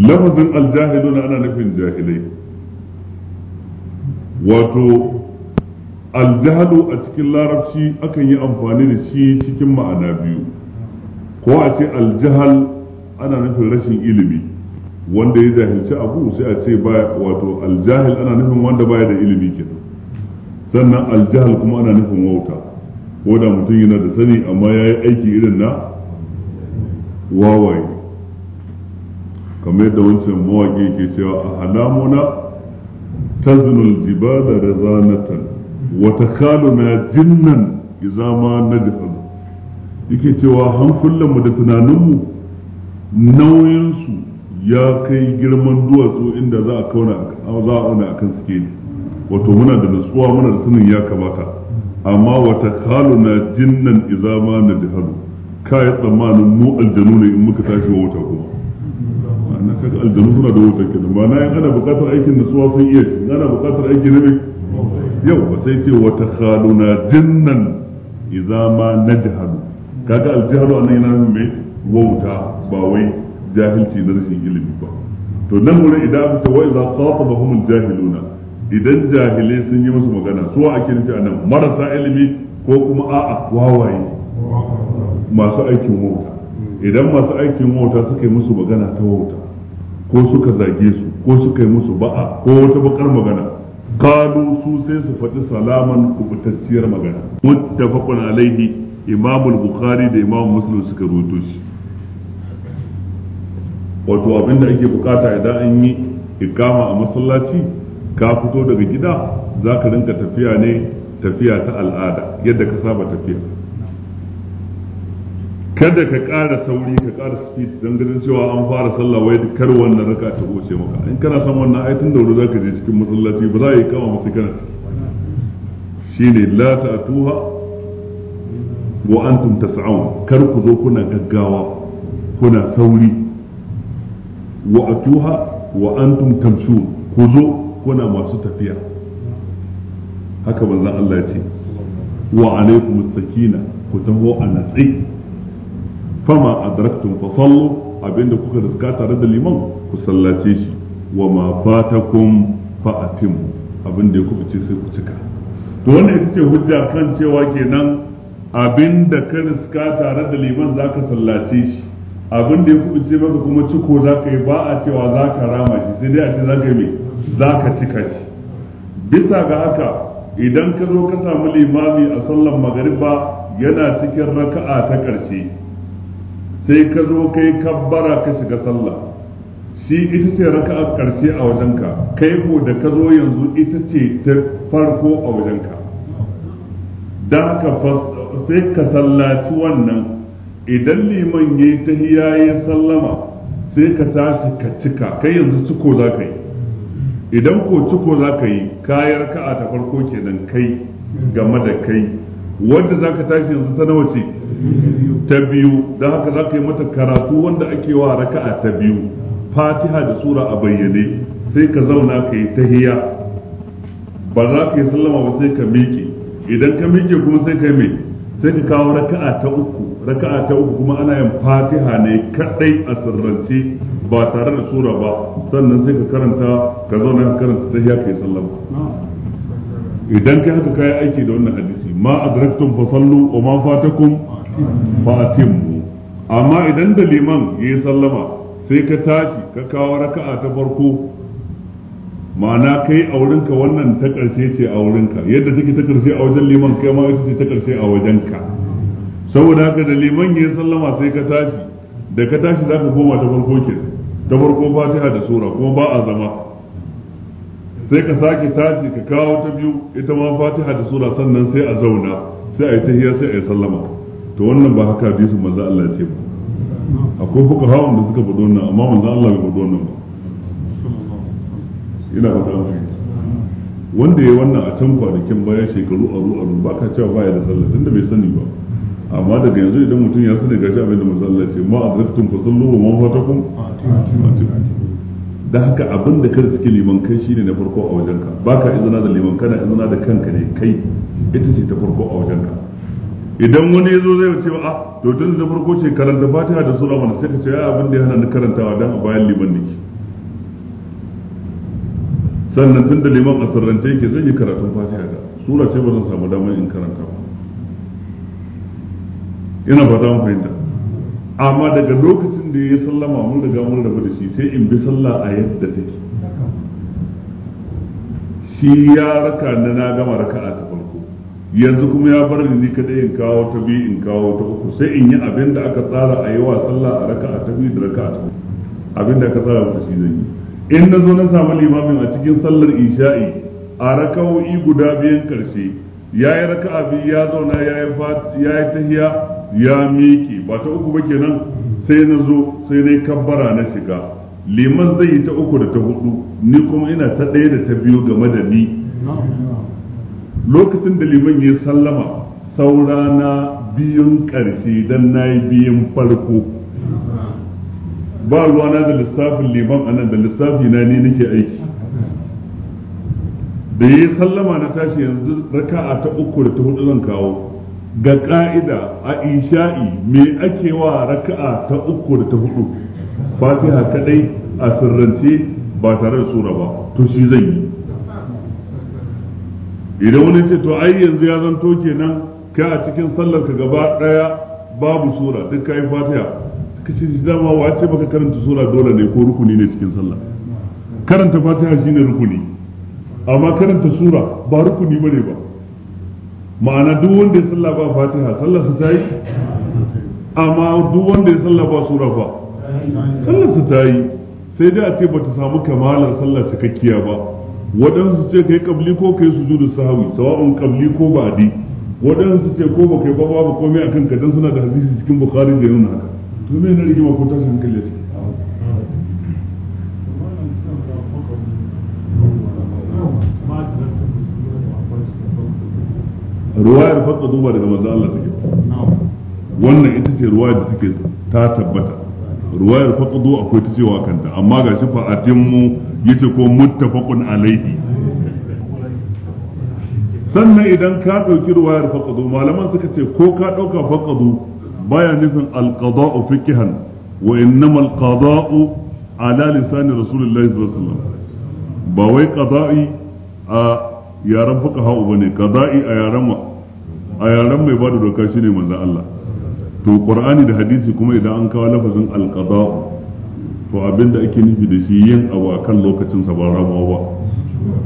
lafazin aljahiluna ana nufin jahilai wato aljahadu a cikin larabci akan yi amfani da shi cikin ma'ana biyu ko a ce aljahal ana nufin rashin ilimi wanda ya jahilci abu sai a ce baya wato aljahil ana nufin wanda baya da ilimi kenan sannan aljahal kuma ana nufin wauta ko da mutum yana da sani amma ya yi aiki irin na wawaye kamar yadda wancan mawaƙi ke cewa a halamuna tazinul jibala zanatan وتخالنا جنا إذا na نجهل yake cewa hankulanmu da tunaninmu nauyinsu ya kai girman duwatsu inda za a kauna za a kan akan suke ne wato muna da nutsuwa muna da sanin ya kamata amma wata kaluna jinnan izama na jihalu ka yi tsammanin mu aljanu ne in muka tashi wa wata kuma ma'ana kaga aljanu suna da wuta kenan ba na yin ana buƙatar aikin nutsuwa sun iya ana buƙatar aiki na yau sai ce wata haluna jinnan idza ma najhalu kaga aljahlu anan yana nan me wauta ba wai jahilci na rashin ilimi ba to nan wurin idan aka ce ka idza khatabahum jahiluna. idan jahilai sun yi musu magana su ake nufi nan marasa ilimi ko kuma a'a wawaye masu aikin wauta idan masu aikin wauta suka yi musu magana ta wauta ko suka zage su ko suka yi musu ba'a ko wata bakar magana kalu su sai su faɗi salaman kubutacciyar magana muttafaqun alaihi imam bukhari da imam muslim suka rubuto shi wato abinda ake bukata idan an yi ikama a masallaci ka fito daga gida za ka rinka tafiya ne tafiya ta al'ada yadda ka saba tafiya kada ka ƙara sauri ka ƙara speed don ganin cewa an fara sallah wai kar wannan raka ta goce maka in kana son wannan ai tun da wuri zaka je cikin masallaci ba za a yi kama musu kana ciki shine la ta'tuha wa antum tas'un kar ku zo kuna gaggawa kuna sauri wa atuha wa antum tamshun ku zo kuna masu tafiya haka manzon Allah ya ce wa alaikumus sakina ku taho a natsi fama adraktum فصلوا sallu abinda kuka riska tare da liman ku sallace shi wa ma fatakum كوكا تيسي abinda ya kuka هجا sai ku cika to wannan hujja kan cewa kenan abinda ka riska tare da liman zaka sallace shi ya kuka ce maka kuma ciko ka yi ba a cewa zaka rama shi sai dai a ce ka yi za ka cika shi bisa ga haka idan ka zo ka samu limami a sallan magariba yana cikin raka'a ta ƙarshe sai ka zo kai kabbara ka shiga sallah shi ita ce raka a karshe a wajenka kai ko da ka zo yanzu ita ce ta farko a wajenka ka sai ka sallaci wannan idan liman ya yi tahiya ya sallama sai ka tashi ka cika kai yanzu ciko za ka yi idan ko ciko za ka yi kayar ka a ta farko kenan kai game da kai wanda za ka tashi yanzu ta nawa ce ta biyu da haka za ka yi mata karatu wanda ake wa raka'a ta biyu fatiha da sura a bayyane sai ka zauna ka yi tahiya ba za ka yi sallama ba sai ka miƙe idan ka miƙe kuma sai ka yi sai ka kawo raka'a ta uku raka'a ta uku kuma ana yin fatiha ne kadai a sirrance ba tare da sura ba sannan sai ka karanta ka zauna ka karanta tahiya ka yi sallama idan ka haka kayi aiki da wannan hadisi ma adraktum fa sallu wa ma fatakum fa atimmu amma idan da liman yayi sallama sai ka tashi ka kawo raka'a ta farko ma'ana kai a wurinka wannan ta ƙarshe ce a wurinka yadda take ta ƙarshe a wajen liman kai ma ita ce ta ƙarshe a wajenka saboda haka da liman ya sallama sai ka tashi da ka tashi za ka koma ta farko ke ta farko fatiha da sura kuma ba a zama sai ka sake tashi ka kawo ta biyu ita ma fatiha da sura sannan sai a zauna sai a yi tahiyya sai a yi sallama to wannan ba haka bisu manzo Allah ce ba akwai fuka hawan da suka faɗo wannan amma manzo Allah bai faɗo wannan ba ina fata mu wanda ya wannan a can kwanakin baya shekaru aru zuwa ba ka cewa baya da sallah tunda bai sani ba amma daga yanzu idan mutum ya sani gashi abin da manzo Allah ce ma adraktum fasallu wa ma fatakum atiku da haka abin da ka riski liman kai shine na farko a wajenka ka izina da liman kana izina da kanka ne kai ita ce ta farko a wajenka idan wani yazo zai ce ba ah, to tun da farko ce karanta fatiha da sura mana sai ka ce ya ah, abin da ya hana ni karantawa dan a bayan liman nake sannan tun da liman a sirrance yake zan yi karatun fatiha da sura ce ba zan samu damar in karanta ba ina fata mun fahimta amma daga lokacin da ya sallama mun riga mun rabu da shi sai in bi sallah a yadda take shi ya raka na na gama raka'a ta farko yanzu kuma ya bar ni kadai in kawo ta biyu in kawo ta uku sai in yi abin da aka tsara a yi wa sallah a raka'a ta biyu da raka'a ta abin da aka tsara mata shi zan yi in na zo na samu limamin a cikin sallar isha'i a raka'o'i guda biyan karshe ya yi raka'a biyu ya zauna ya yi tahiya ya miƙe ba ta uku ba kenan sai na zo sai na kabbara na shiga liman zai yi ta uku da ta hudu ni kuma ina ta ɗaya da ta biyu game da ni lokacin da liman ya sallama saurana na biyun ƙarshe don na yi biyun farko ba ruwana da lissafin liman anan da lissafi na ni nake aiki da ya sallama na tashi yanzu raka'a ta uku da ta hudu zan kawo ga ƙa'ida a isha'i me ake wa raka'a ta uku da ta hudu fatiha kadai a sirrance ba tare da sura ba to shi zan yi idan wani ce to ai yanzu ya zan toke nan, kai a cikin sallar ka gaba daya babu sura duk kai fatiha ka ce dama wa ce baka karanta sura dole ne ko rukuni ne cikin sallah karanta fatiha shine rukuni amma karanta sura ba rukuni bane ba ma'ana duk wanda ya sallah ba fatiha sallar ta tayi amma duk wanda ya sallah ba sura ba sallar ta tayi sai dai a ce bata samu kamalar sallah cikakkiya ba waɗansu ce kai kabli ko kai su judu sahawi sawa'un kabli ko ba'di waɗansu ce ko ba kai ba babu komai akan ka dan suna da hadisi cikin bukhari da yau haka to me na rigima ko tashin hankali ruwayar fatsa zuba daga manzo Allah take wannan ita ce ruwayar da take ta tabbata ruwayar faqdu akwai ta cewa kanta amma ga shi fa mu yace ko muttafaqun alaihi sannan idan ka dauki ruwayar faqdu malaman suka ce ko ka dauka faqdu baya nufin alqada'u fiqhan wa innamal qada'u ala lisani rasulullahi sallallahu alaihi wasallam ba wai qada'i a yaren yaran fuqaha bane qada'i a yaren wa. a yaren mai bada doka shine manzon Allah to qur'ani da hadisi kuma idan an kawo lafazin alqada to abinda ake nufi da shi yin abu akan lokacin sa ba ramawa ba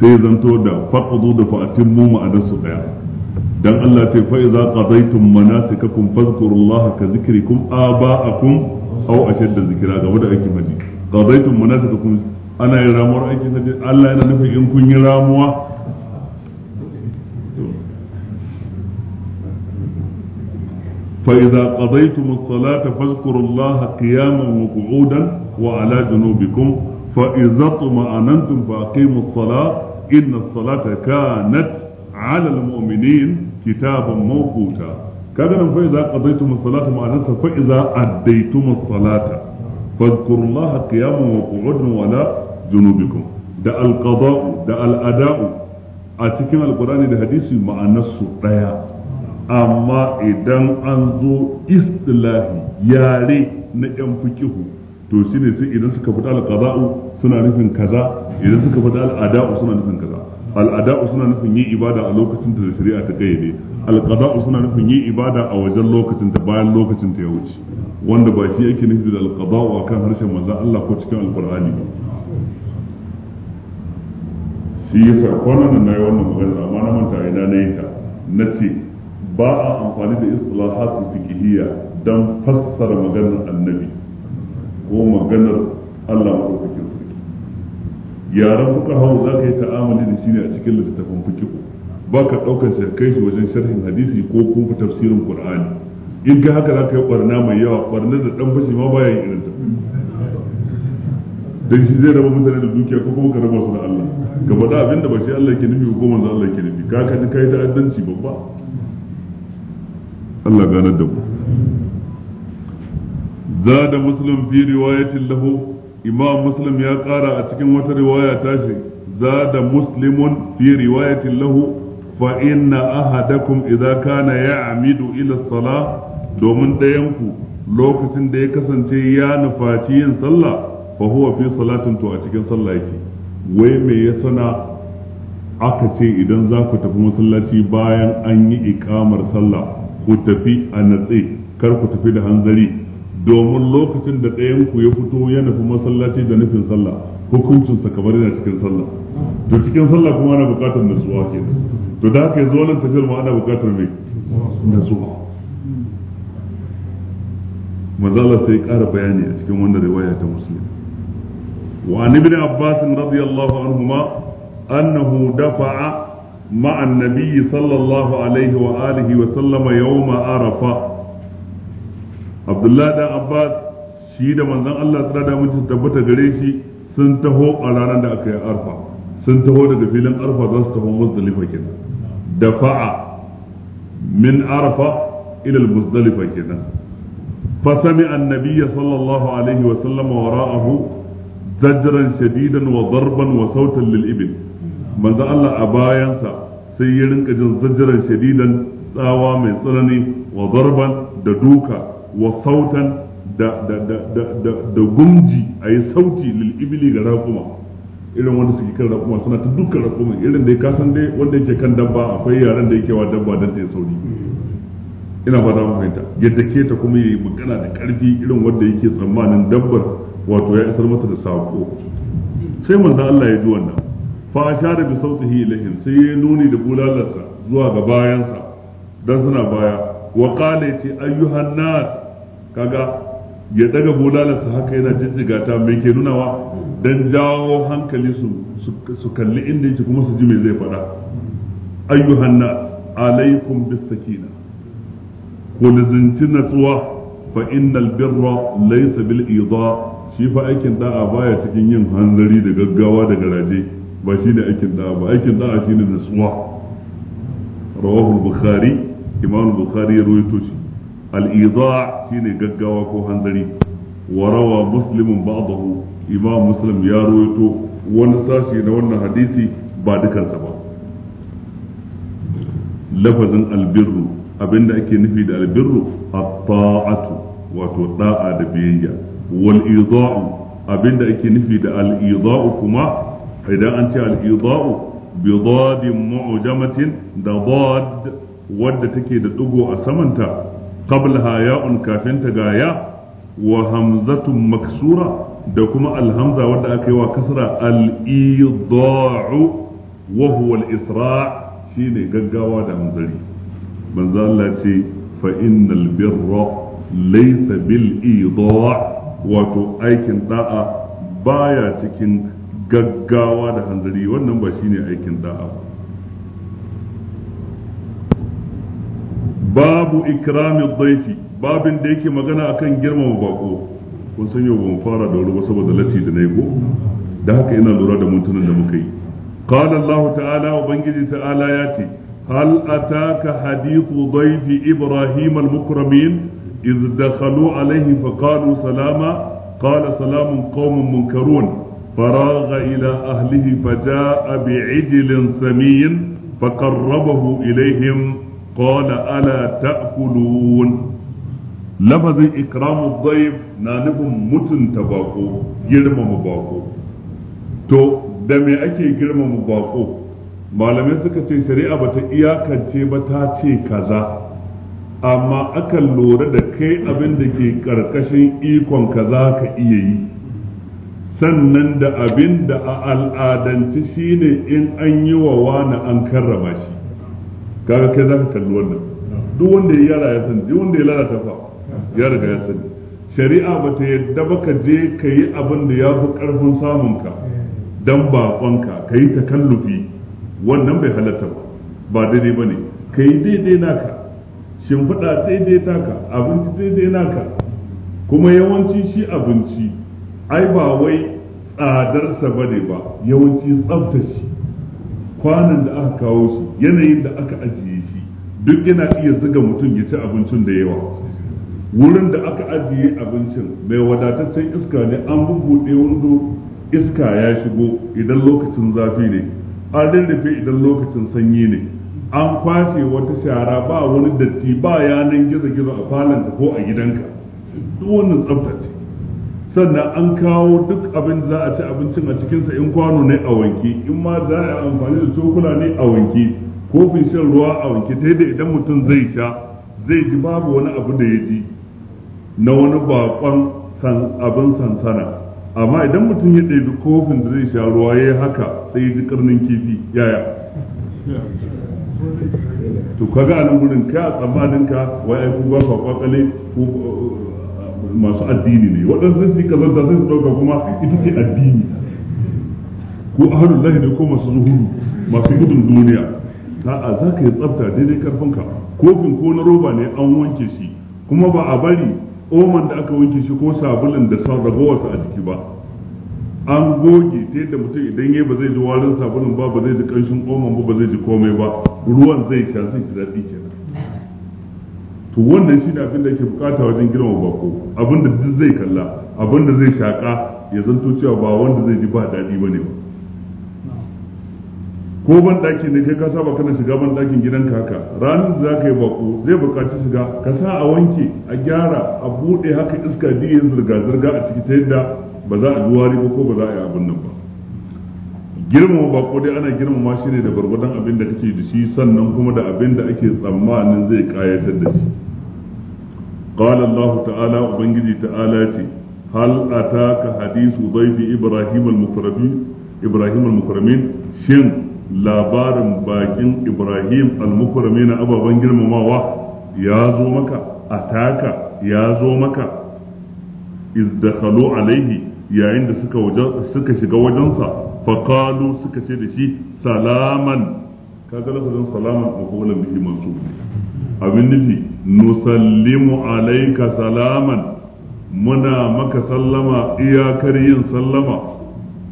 sai zanto da faqdu da fa'atimmu ma'anarsu daya dan Allah ce fa iza qadaytum manasikakum fadhkurullaha ka zikrikum aba'akum aw ashadda zikra game da aikin haji qadaytum manasikakum ana yin ramuwar aiki sai Allah yana nufin in kun yi ramuwa فإذا قضيتم الصلاة فاذكروا الله قياما وقعودا وعلى جنوبكم فإذا اطمأننتم فأقيموا الصلاة إن الصلاة كانت على المؤمنين كتابا موقوتا كذا فإذا قضيتم الصلاة معناتها فإذا أديتم الصلاة فاذكروا الله قياما وقعودا وعلى جنوبكم ده القضاء ده الأداء أتكلم القرآن ده حديث معناه الصلاة amma idan an zo istilahi yare na yan fikihu to shine sai idan suka fita alqada'u suna nufin kaza idan suka fita al'ada'u suna nufin kaza al'ada'u suna nufin yin ibada a lokacin da shari'a ta kayyade alqada'u suna nufin yin ibada a wajen lokacin ta bayan lokacin ta ya wuce wanda ba shi yake nufi da a akan harshen manzon Allah ko cikin alqur'ani shi yasa kwanan nan nayi wannan magana amma na manta ina na yi ta ce ba a amfani da istilahat fikihiyya dan fassara maganar annabi ko maganar Allah madaukakin sarki yaran fuka hau za ka yi ta'amali da shi ne a cikin littattafan fikihu ba ka ɗaukar shi kai shi wajen sharhin hadisi ko kuma tafsirin qur'ani in ga haka za ka yi barna mai yawa barna da dan fashi ma bayan irin ta dan shi zai raba mutane da dukiya ko kuma ka raba su da Allah Gaba da abinda ba shi Allah ke nufi ko manzo Allah ke nufi ka ka ji kai ta'addanci babba Allah ganar da mu zada muslim fi riwayatin lahu imam muslim ya kara a cikin wata riwaya tashi zada muslimun fi riwayatin lahu fa inna ahadakum idza kana ya'midu ila salah domin ku lokacin da ya kasance ya nufaci yin sallah fa huwa fi salatin to a cikin sallah yake wai me ya sana aka ce idan za ku tafi masallaci bayan an yi ikamar sallah ku tafi a natse kar ku tafi da hanzari domin lokacin da ɗayan ku ya fito ya nufi masallaci da nufin sallah hukuncin sa kamar yana cikin sallah to cikin sallah kuma ana buƙatar nutsuwa ke to da haka yanzu wannan tafiyar ma ana buƙatar me nutsuwa manzala sai ƙara bayani a cikin wannan riwaya ta muslim wa an ibn abbas radiyallahu anhuma annahu dafa'a مع النبي صلى الله عليه وآله وسلم يوم عرفة عبد الله بن عباس shi da manzon Allah tsara da mutum tabbata gare shi sun taho a ranar da aka yi arfa sun taho daga filin arfa za su taho muzdalifa kenan dafa'a min arfa ila muzdalifa kenan fa sami'a an-nabiy sallallahu alaihi wa shadidan wa darban wa ibil manzo Allah a bayansa sai ya rinka jin zajjiran shadidan tsawa mai tsanani wa zarban da duka wa sautan da gumji a yi sauti lil'ibili ga rakuma. irin wanda suke kan raƙuma suna ta dukkan rakuma irin da ya kasan dai wanda yake kan dabba akwai yaran da yake wa dabba dan ta yi sauri ina ba mu fahimta yadda ke ta kuma yi magana da ƙarfi irin wanda yake tsammanin dabbar wato ya isar masa da saƙo sai manzo Allah ya ji wannan fa ashara bi sautihi ilaihim sai ya nuni da bulalarsa zuwa ga bayansa dan suna baya wa qala ti ayyuhan nas kaga ya daga bulalarsa haka yana jijjiga ta mai ke nunawa dan jawo hankali su su kalli inda yake kuma su ji me zai faɗa ayyuhan nas alaikum bis ku lizinci natsuwa fa innal birra laysa bil idha shi fa aikin da'a baya cikin yin hanzari da gaggawa da garaje ba shi ne aikin da'a ba aikin da'a shi ne nutsuwa rawahu bukhari imam bukhari ya ruwaito shi al-idha' shi ne gaggawa ko hanzari wa rawa muslimun ba'dahu imam muslim ya ruwaito wani sashi na wannan hadisi ba dukansa ba lafazin albirru abinda ake nufi da albirru at-ta'atu wato da'a da biyayya wal idha'u abinda ake nufi da al-idha'u kuma idan an ce al-ida'u bi dadin da dad wadda take da dugo a samanta qablaha ya'un kafin ta ga ya wa hamzatun maksura da kuma alhamza wadda aka yi wa kasra al-ida'u wa huwa al shine gaggawa da hanzari manzo Allah ce fa innal birra laysa bil idha' wato aikin da'a baya cikin gaggawa da hanzari wannan ba shine aikin da'a babu ikramin daifi babin da yake magana akan girmama bako kun san yau ban fara da ruwa saboda lati da nayi ko da haka ina lura da mutunan da muka yi qala allah ta'ala ubangiji ta'ala ya ce hal taka hadisu zaifi ibrahim al-mukramin إذ دخلوا عليه فقالوا سلاما قال سلام قوم منكرون فراغ إلى أهله فجاء بعجل سمين فقربه إليهم قال ألا تأكلون lafazin ikramu zaif na nufin mutunta bako girmama bako to da me ake girmama bako malamai suka ce shari'a bata iyakance ba ta ce kaza amma akan lura da kai abin da ke ƙarƙashin ikon kaza ka iya yi sannan da abin da a al'adanci shine in an yi wa wani an karrama shi kaga kai zaka kalli wannan duk wanda ya yara ya sani duk wanda ya lalata fa ya riga ya sani shari'a ba ta yadda ba ka je ka yi abin da ya fi karfin samunka don baƙonka ka yi takallufi wannan bai halatta ba ba daidai ba ne ka yi daidai naka shimfiɗa daidai taka abinci daidai naka kuma yawanci shi abinci ai ba wai tsadarsa ba ne ba yawanci tsaftace kwanan da aka kawo shi yanayin da aka ajiye shi duk yana iya zuga mutum ya ci abincin da yawa wurin da aka ajiye abincin mai wadataccen iska ne an bubbuɗe wando iska ya shigo idan lokacin zafi ne an rarrafe idan lokacin sanyi ne an kwashe wata shara ba wani datti ba yanan gizo-gizo a falon ko a gidanka duk wannan tsabtace sannan an kawo duk abin za a ci abincin a cikinsa in kwano ne a wanke in ma za a yi amfani da cokula ne a wanke kofin shan ruwa a wanke ta yadda idan mutum zai sha zai ji babu wani abu da ya ji na wani bakon abin sansana amma idan mutum ya ɗebi kofin da zai sha ruwa ya haka sai ya ji karnin kifi yaya to kaga a gurin kai a tsammaninka wai ai ku ba masu addini ne waɗansu su kazanta sai su ɗauka kuma ita ce addini ko ahalun lahi ne ko masu zuhuru masu gudun duniya a'a za ka yi tsafta daidai karfinka kofin ko na roba ne an wanke shi kuma ba a bari oman da aka wanke shi ko sabulin da san ragowarsa a jiki ba an goge ta yadda mutum idan ya ba zai ji warin sabulin ba ba zai ji ƙanshin oman ba ba zai ji komai ba ruwan zai sha sai ki daɗi kenan to wannan shine abin da yake bukata wajen wa bako abin da duk zai kalla abin da zai shaka ya zanto cewa ba wanda zai ji ba daɗi bane ba ko ban daki ne kai ka saba kana shiga ban gidan gidan haka ranar da zaka yi bako zai bukaci shiga ka sa a wanke a gyara a buɗe haka iska biyu zirga zirga a ciki ta yadda ba za a ji wari ba ko ba za a yi abin nan ba girmama bako dai ana girmama shi ne da barbadan abin da kake da shi sannan kuma da abin da ake tsammanin zai kayatar da shi qala Allah ta'ala ubangiji ta'ala ce hal ataka hadisu dhaifi ibrahim al-mukramin shin labarin bakin ibrahim al na ababen girmamawa ya zo maka ataka ya zo maka izdakhalu alaihi yayin da suka suka shiga wajensa faqalu suka ce da shi salaman kaga lafazin salaman mafulan bihi mansub abin nufi nusallimu alaika salaman muna maka sallama iyakar yin sallama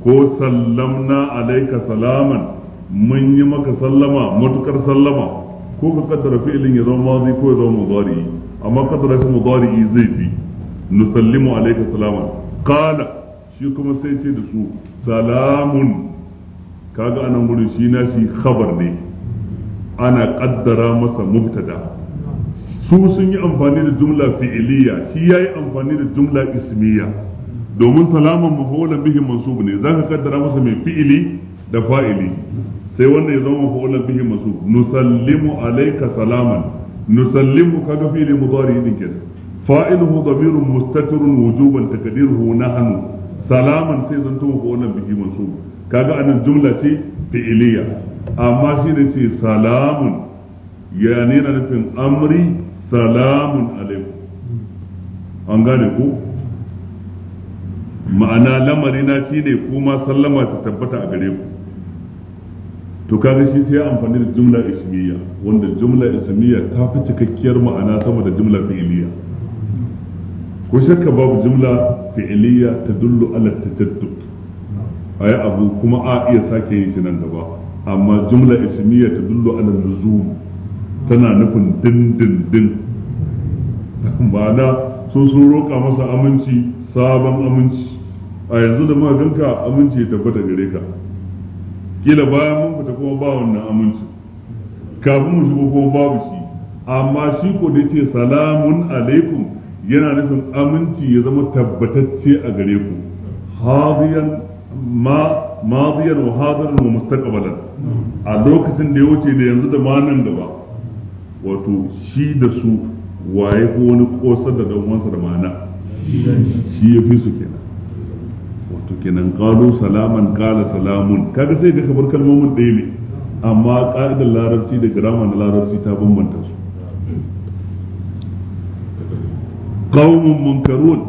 ko sallamna alaika salaman mun yi maka sallama matukar sallama ko ka kaddara fi'ilin ya zama mazi ko ya zama mudari amma kaddara shi mudari zai fi nusallimu alaika salaman qala shi kuma sai ce da su salamun kaga anan gurin shi na shi khabar ne ana kaddara masa mubtada su sun yi amfani da jumla fi'iliya shi yayi amfani da jumla ismiya domin salaman mafulan bihi mansub ne zaka kaddara masa mai fi'ili da fa'ili sai wanda ya zama mafulan bihi mansub nusallimu alayka salaman nusallimu kaga fi'ili mudari din kenan fa'iluhu dhamirun mustatirun wujuban takdiruhu nahnu salaman sai zanto mafulan bihi mansub kaga anan jumla ce fi'iliya amma shi ne ce salamun ya ne nufin amri salamun alaikum an gane ku ma'ana lamari na shi ne kuma sallama ta tabbata a gare ku to kaga shi sai amfani da jumla ismiya wanda jumla ismiya ta fi cikakkiyar ma'ana sama da jumla fi'iliya ko shakka babu jumla fi'iliya ta dullu ala tataddud a yi abu kuma a iya sake yin shi nan gaba amma jumla ismiya ta dullo ala luzum tana nufin dindindin Ba sun sun roƙa masa aminci sabon aminci a yanzu da maganka aminci ya tabbata gare ka kila bayan mun fita kuma ba wannan aminci kafin mu shigo kuma babu shi amma shi ko da ce salamun alaikum yana nufin aminci ya zama tabbatacce a gare ku hadiyan ma madiyar wa hadirin wa mustaqbalan a lokacin da ya wuce da yanzu da ma nan gaba wato shi da su waye ko wani kosar da dan da mana shi ya fi su kenan wato kenan qalu salaman qala salamun kaga sai ga kabar kalmomin ɗaya ne amma ka'idar larabci da grammar na larabci ta bambanta su qaumun munkarun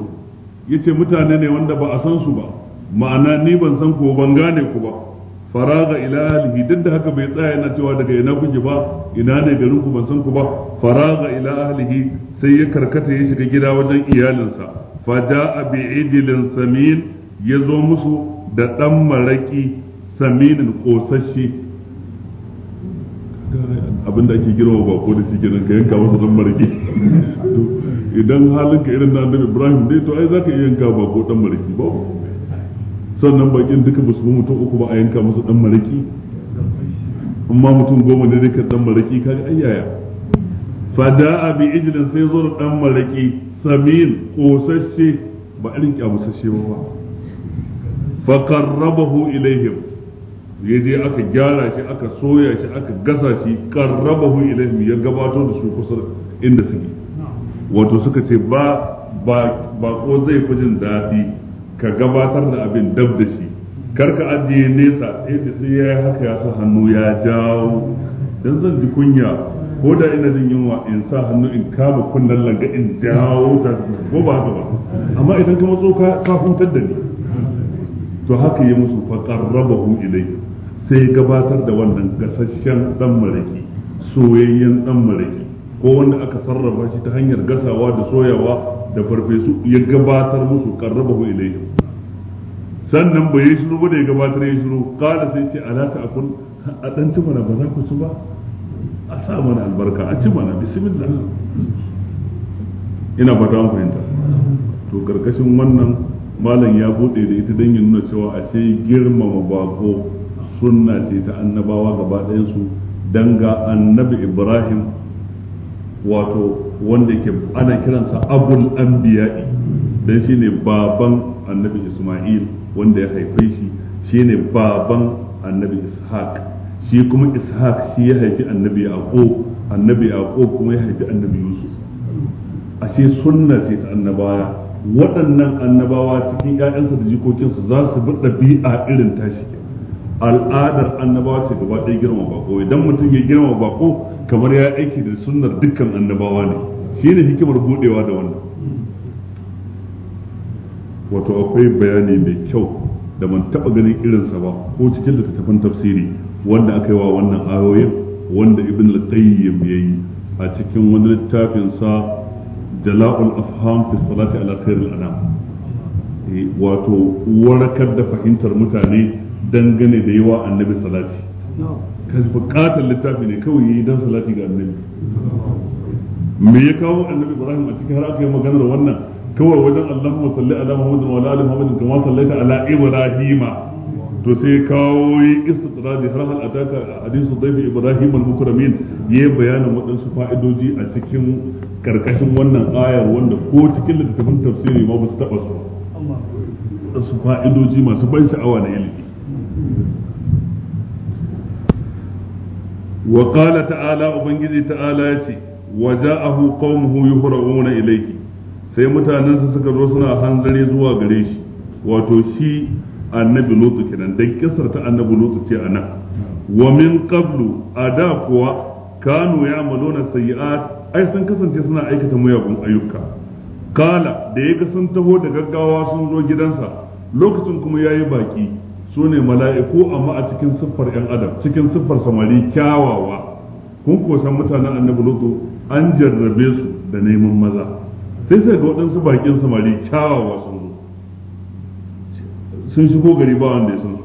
yace mutane ne wanda ba a san su ba ma'ana ni ban san ko ban gane ku ba faraga ila alihi duk da haka bai tsaya yana cewa daga ina kuke ba ina ne garin ku ban san ku ba faraga ila alihi sai ya karkata ya shiga gida wajen iyalinsa jaa bi idilin samin ya zo musu da dan maraki saminin kosasshe abin da ake girma ba ko da cikin ka yanka masa dan maraki idan halinka irin na Ibrahim dai to ai zaka iya yanka ba ko dan maraki ba sannan bakin duka ba su mutum uku ba a yanka musu dan maraki amma mutum goma ne ka dan maraki ga ayyaya da'a bi ijlin sai zo dan maraki samin kosasshe ba irin kyamusasshe ba ba fa qarrabahu ilaihim yaje aka gyara shi aka soya shi aka gasa shi qarrabahu ilaihim ya gabato da su kusa inda suke wato suka ce ba ba ko zai fi jin daɗi ka gabatar da abin dab da shi kar ka ajiye nesa sai eh, sai ya haka ya sa hannu ya jawo don zan ji kunya ko da ina jin yunwa in sa hannu in kama kunnen langa in jawo ta ko ba haka ba amma idan ka matso ka hutar da ni to haka ya musu raba hu ilai sai gabatar da wannan gasasshen dan mariki soyayyen dan mariki ko wanda aka sarrafa shi ta hanyar gasawa da soyawa da farfesu ya gabatar musu karraba hu ilayhi sannan bai yi shiru ba da ya gabatar yi shiru Kada sai ce ala akun a dan ci mana ba za ku ci ba a sa mana albarka a ci mana bismillah ina fata an fahimta to karkashin wannan malam ya bude da ita dan ya nuna cewa a sai girmama bako sunna ce ta annabawa gaba ɗayansu dan ga annabi ibrahim wato wanda ke ana kiransa abul anbiya'i dan ne baban annabi isma'il wanda ya haife shi ne baban annabi ishaq shi kuma ishaq shi ya haifi annabi yaqub annabi yaqub kuma ya haifi annabi yusuf ashe sunna ce ta annabawa waɗannan annabawa cikin ƴaƴansa da jikokinsu za su bi ɗabi'a irin tashi al'adar annabawa ce gaba ɗaya girma bako idan mutum ya girma bako kamar ya aiki da sunnar dukkan annabawa ne shi ne hikimar budewa da wannan wato akwai bayani mai kyau da man taba ganin irinsa ba ko cikin littattafan tafsiri wanda aka yi wa wannan ayoyin wanda ibn al-qayyim yayi a cikin wani littafin sa jala'ul afham fi salati ala al anam e, wato warakar da fahimtar mutane dangane da yawa annabi salati kashi bukatar littafi ne kawai yi dan salati ga annabi me ya kawo annabi ibrahim a cikin har aka yi maganar wannan kawai wajen allahumma salli ala muhammadin wa ala ali muhammadin kama sallaita ala ibrahima to sai kawo yi istidradi har hal ataka hadisu ibrahim al-mukramin yayi bayanin waɗansu fa'idoji a cikin karkashin wannan ayar wanda ko cikin littattafan tafsiri ma ba su taba su su fa'idoji masu ban sha'awa na ilimi wa qala ta'ala ubangiji ta'ala yace wa ja'ahu qaumuhu yuhra'una ilayhi sai mutanensa suka zo suna hanzare zuwa gare shi wato shi annabi lutu kenan dan kisar ta annabi lutu ce nan. wa min qablu da kuwa kanu ya'maluna sayyi'at ai sun kasance suna aikata muyagun ayyuka kala da yaga sun taho da gaggawa sun zo gidansa lokacin kuma yayi baki su ne mala'iku amma a cikin siffar ‘yan adam cikin siffar samari kyawawa kun kosan mutanen annabi lutu an jarrabe su da neman maza sai sai ga waɗansu bakin samari kyawawa sun zo sun shigo gari ba wanda ya san su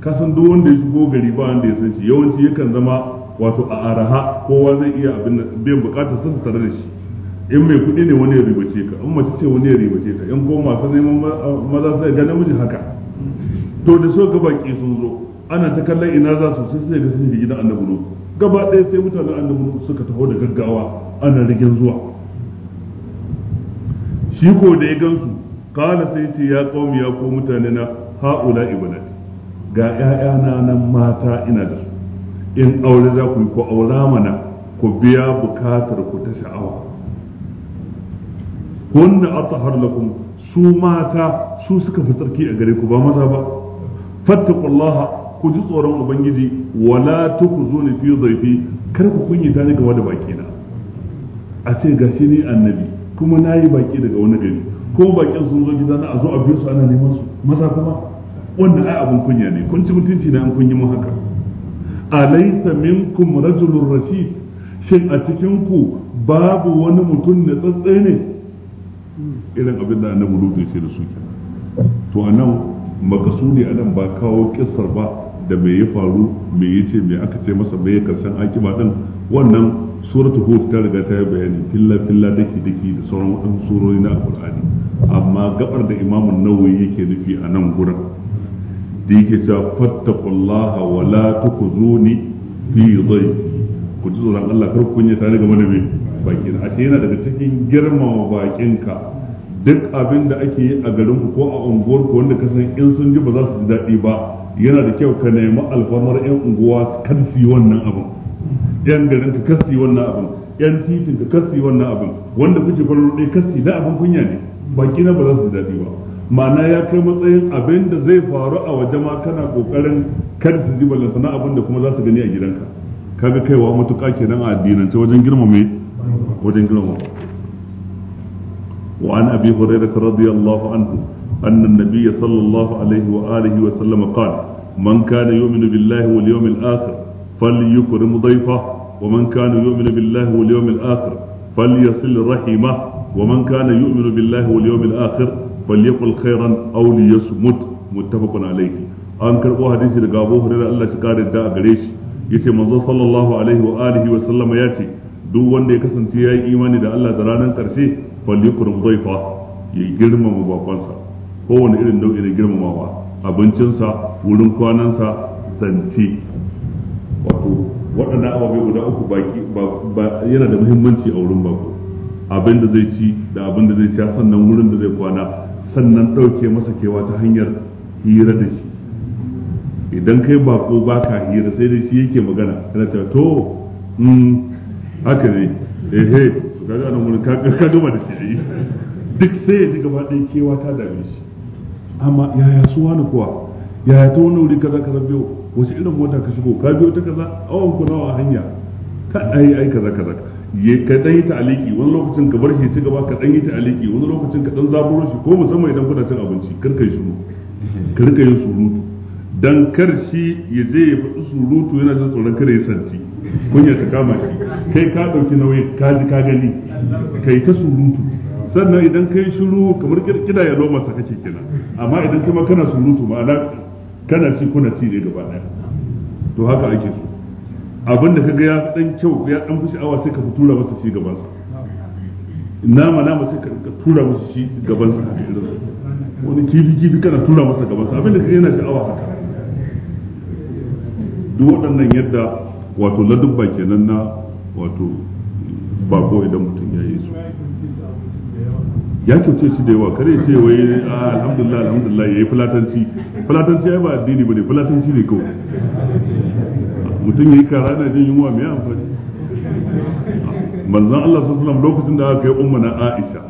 kasan duk wanda ya shigo gari ba wanda ya san shi yawanci yakan zama wato a araha kowa zai iya abin biyan bukatar sun tare da shi in mai kuɗi ne wani ya ribace ka in mace ce wani ya ribace ka in ko masu neman maza sai ga namiji haka to da so ga baki sun zo ana ta kallon ina za su sai sai ga sun shiga gidan annabi nuhu gaba ɗaya sai mutanen annabi nuhu suka taho da gaggawa ana rigin zuwa shi ko da ya gansu kala sai ce ya qaumi ya ko mutane na haula ibnati ga 'ya'yana nan mata ina da su in aure za ku yi ko aura mana ku biya bukatar ku ta sha'awa kunna atahar lakum su mata su suka fi tsarki a gare ku ba maza ba fattaqullaha ku ji tsoron ubangiji wala tukhzuni fi dhayfi kar ku kunyata ni gaba da baki na a ce gashi ne annabi kuma nayi baki daga wani gari ko bakin sun zo gidana a zo a biyo su ana neman su maza kuma wannan ai abun kunya ne kun ci mutunci na an kun yi mun haka alaysa minkum rajulur rashid shin a cikin ku babu wani mutum na tsatsaye ne irin abin da annabi lutu ya ce da su kenan to anan makasudi a nan ba kawo kisar ba da mai ya faru mai ya ce me aka ce masa me ya karshen akima din wannan suratul hud ta riga ta yi bayani filla filla daki daki da sauran waɗansu surori na alqur'ani amma gabar da imamu nawawi yake nufi a nan gurin da yake cewa fattaqullaha wa la tukuzuni fi dhayfi ku ji tsoron Allah kar ku kunya tare ga da me bakin ashe yana daga cikin girmama bakinka duk abin da ake yi a garin ko a unguwar ku wanda ka san in sun ji ba za su ji daɗi ba yana da kyau ka nemi alfamar yan unguwa kan su wannan abin yan garin ka kasi wannan abin yan titin ka kasi wannan abin wanda kuke farar ɗaya kasi da abin kunya ne baki na ba za su ji daɗi ba ma'ana ya kai matsayin abin da zai faru a waje ma kana kokarin kar su ji ballan sana abin da kuma za su gani a gidanka kaga kaiwa matuƙa kenan a addinance wajen girmame wajen girmama وعن أبي هريرة رضي الله عنه أن النبي صلى الله عليه وآله وسلم قال من كان يؤمن بالله واليوم الآخر فليكرم ضيفه ومن كان يؤمن بالله واليوم الآخر فليصل رحمه ومن كان يؤمن بالله واليوم الآخر فليقل خيرا أو ليصمت متفق عليه an karɓo hadisi daga Abu Hurairah Allah shi kare da a gare shi yace manzo sallallahu alaihi wa alihi wa sallama yace duk wanda ya kasance yayi imani da Allah da ranar karshe falyukrim dhayfa ya girmama bakonsa kowane irin nau'i na girmamawa abincinsa wurin kwanansa zance wato waɗannan ababe guda uku baki ba yana da muhimmanci a wurin bako abin da zai ci da abin da zai sha sannan wurin da zai kwana sannan ɗauke masa kewa ta hanyar hira da shi idan kai bako ba ka hira sai dai shi yake magana yana cewa to hmm, haka ne ehe ga ga nan wurin ka duba da shi yi duk sai ya ji gaba ɗaya kewa ta dame shi amma yaya su wani kuwa yaya ta wani wuri kaza kaza biyo wace irin mota ka shigo ka biyo ta kaza awon ku nawa hanya ka ai ai kaza kaza ya ka dan yi ta'aliki wani lokacin ka bar shi ci gaba ka dan yi ta'aliki wani lokacin ka dan zaburo shi ko musamman idan kuna cin abinci kar yi shiru kar kai surutu dan kar shi ya je ya faɗi surutu yana jin tsoron kare ya santi kunya ta kama shi kai ka ɗauki nauyi ka ji ka gani kai ta surutu sannan idan kai shiru kamar kida ya loma sa kake kina amma idan kuma kana surutu ma'ana kana ci kuna ci ne gaba ɗaya to haka ake so abin da kaga ya dan kyau ya dan fi sha'awa sai ka tura masa shi gaban sa nama nama sai ka tura masa shi gaban sa wani kifi-kifi kibi kana tura masa gaban sa abin da kaga yana sha'awa haka duk waɗannan yadda wato ladubba kenan na wato ba ko idan mutum ya yi su ya kyauce shi da yawa kare ce wai ah, alhamdulillah alhamdulillah yayi fulatanci fulatanci ai ba addini bane fulatanci ne kawai mutum ya yi kara na jin yunwa me amfani manzan Allah sallallahu alaihi lokacin da aka kai umma na Aisha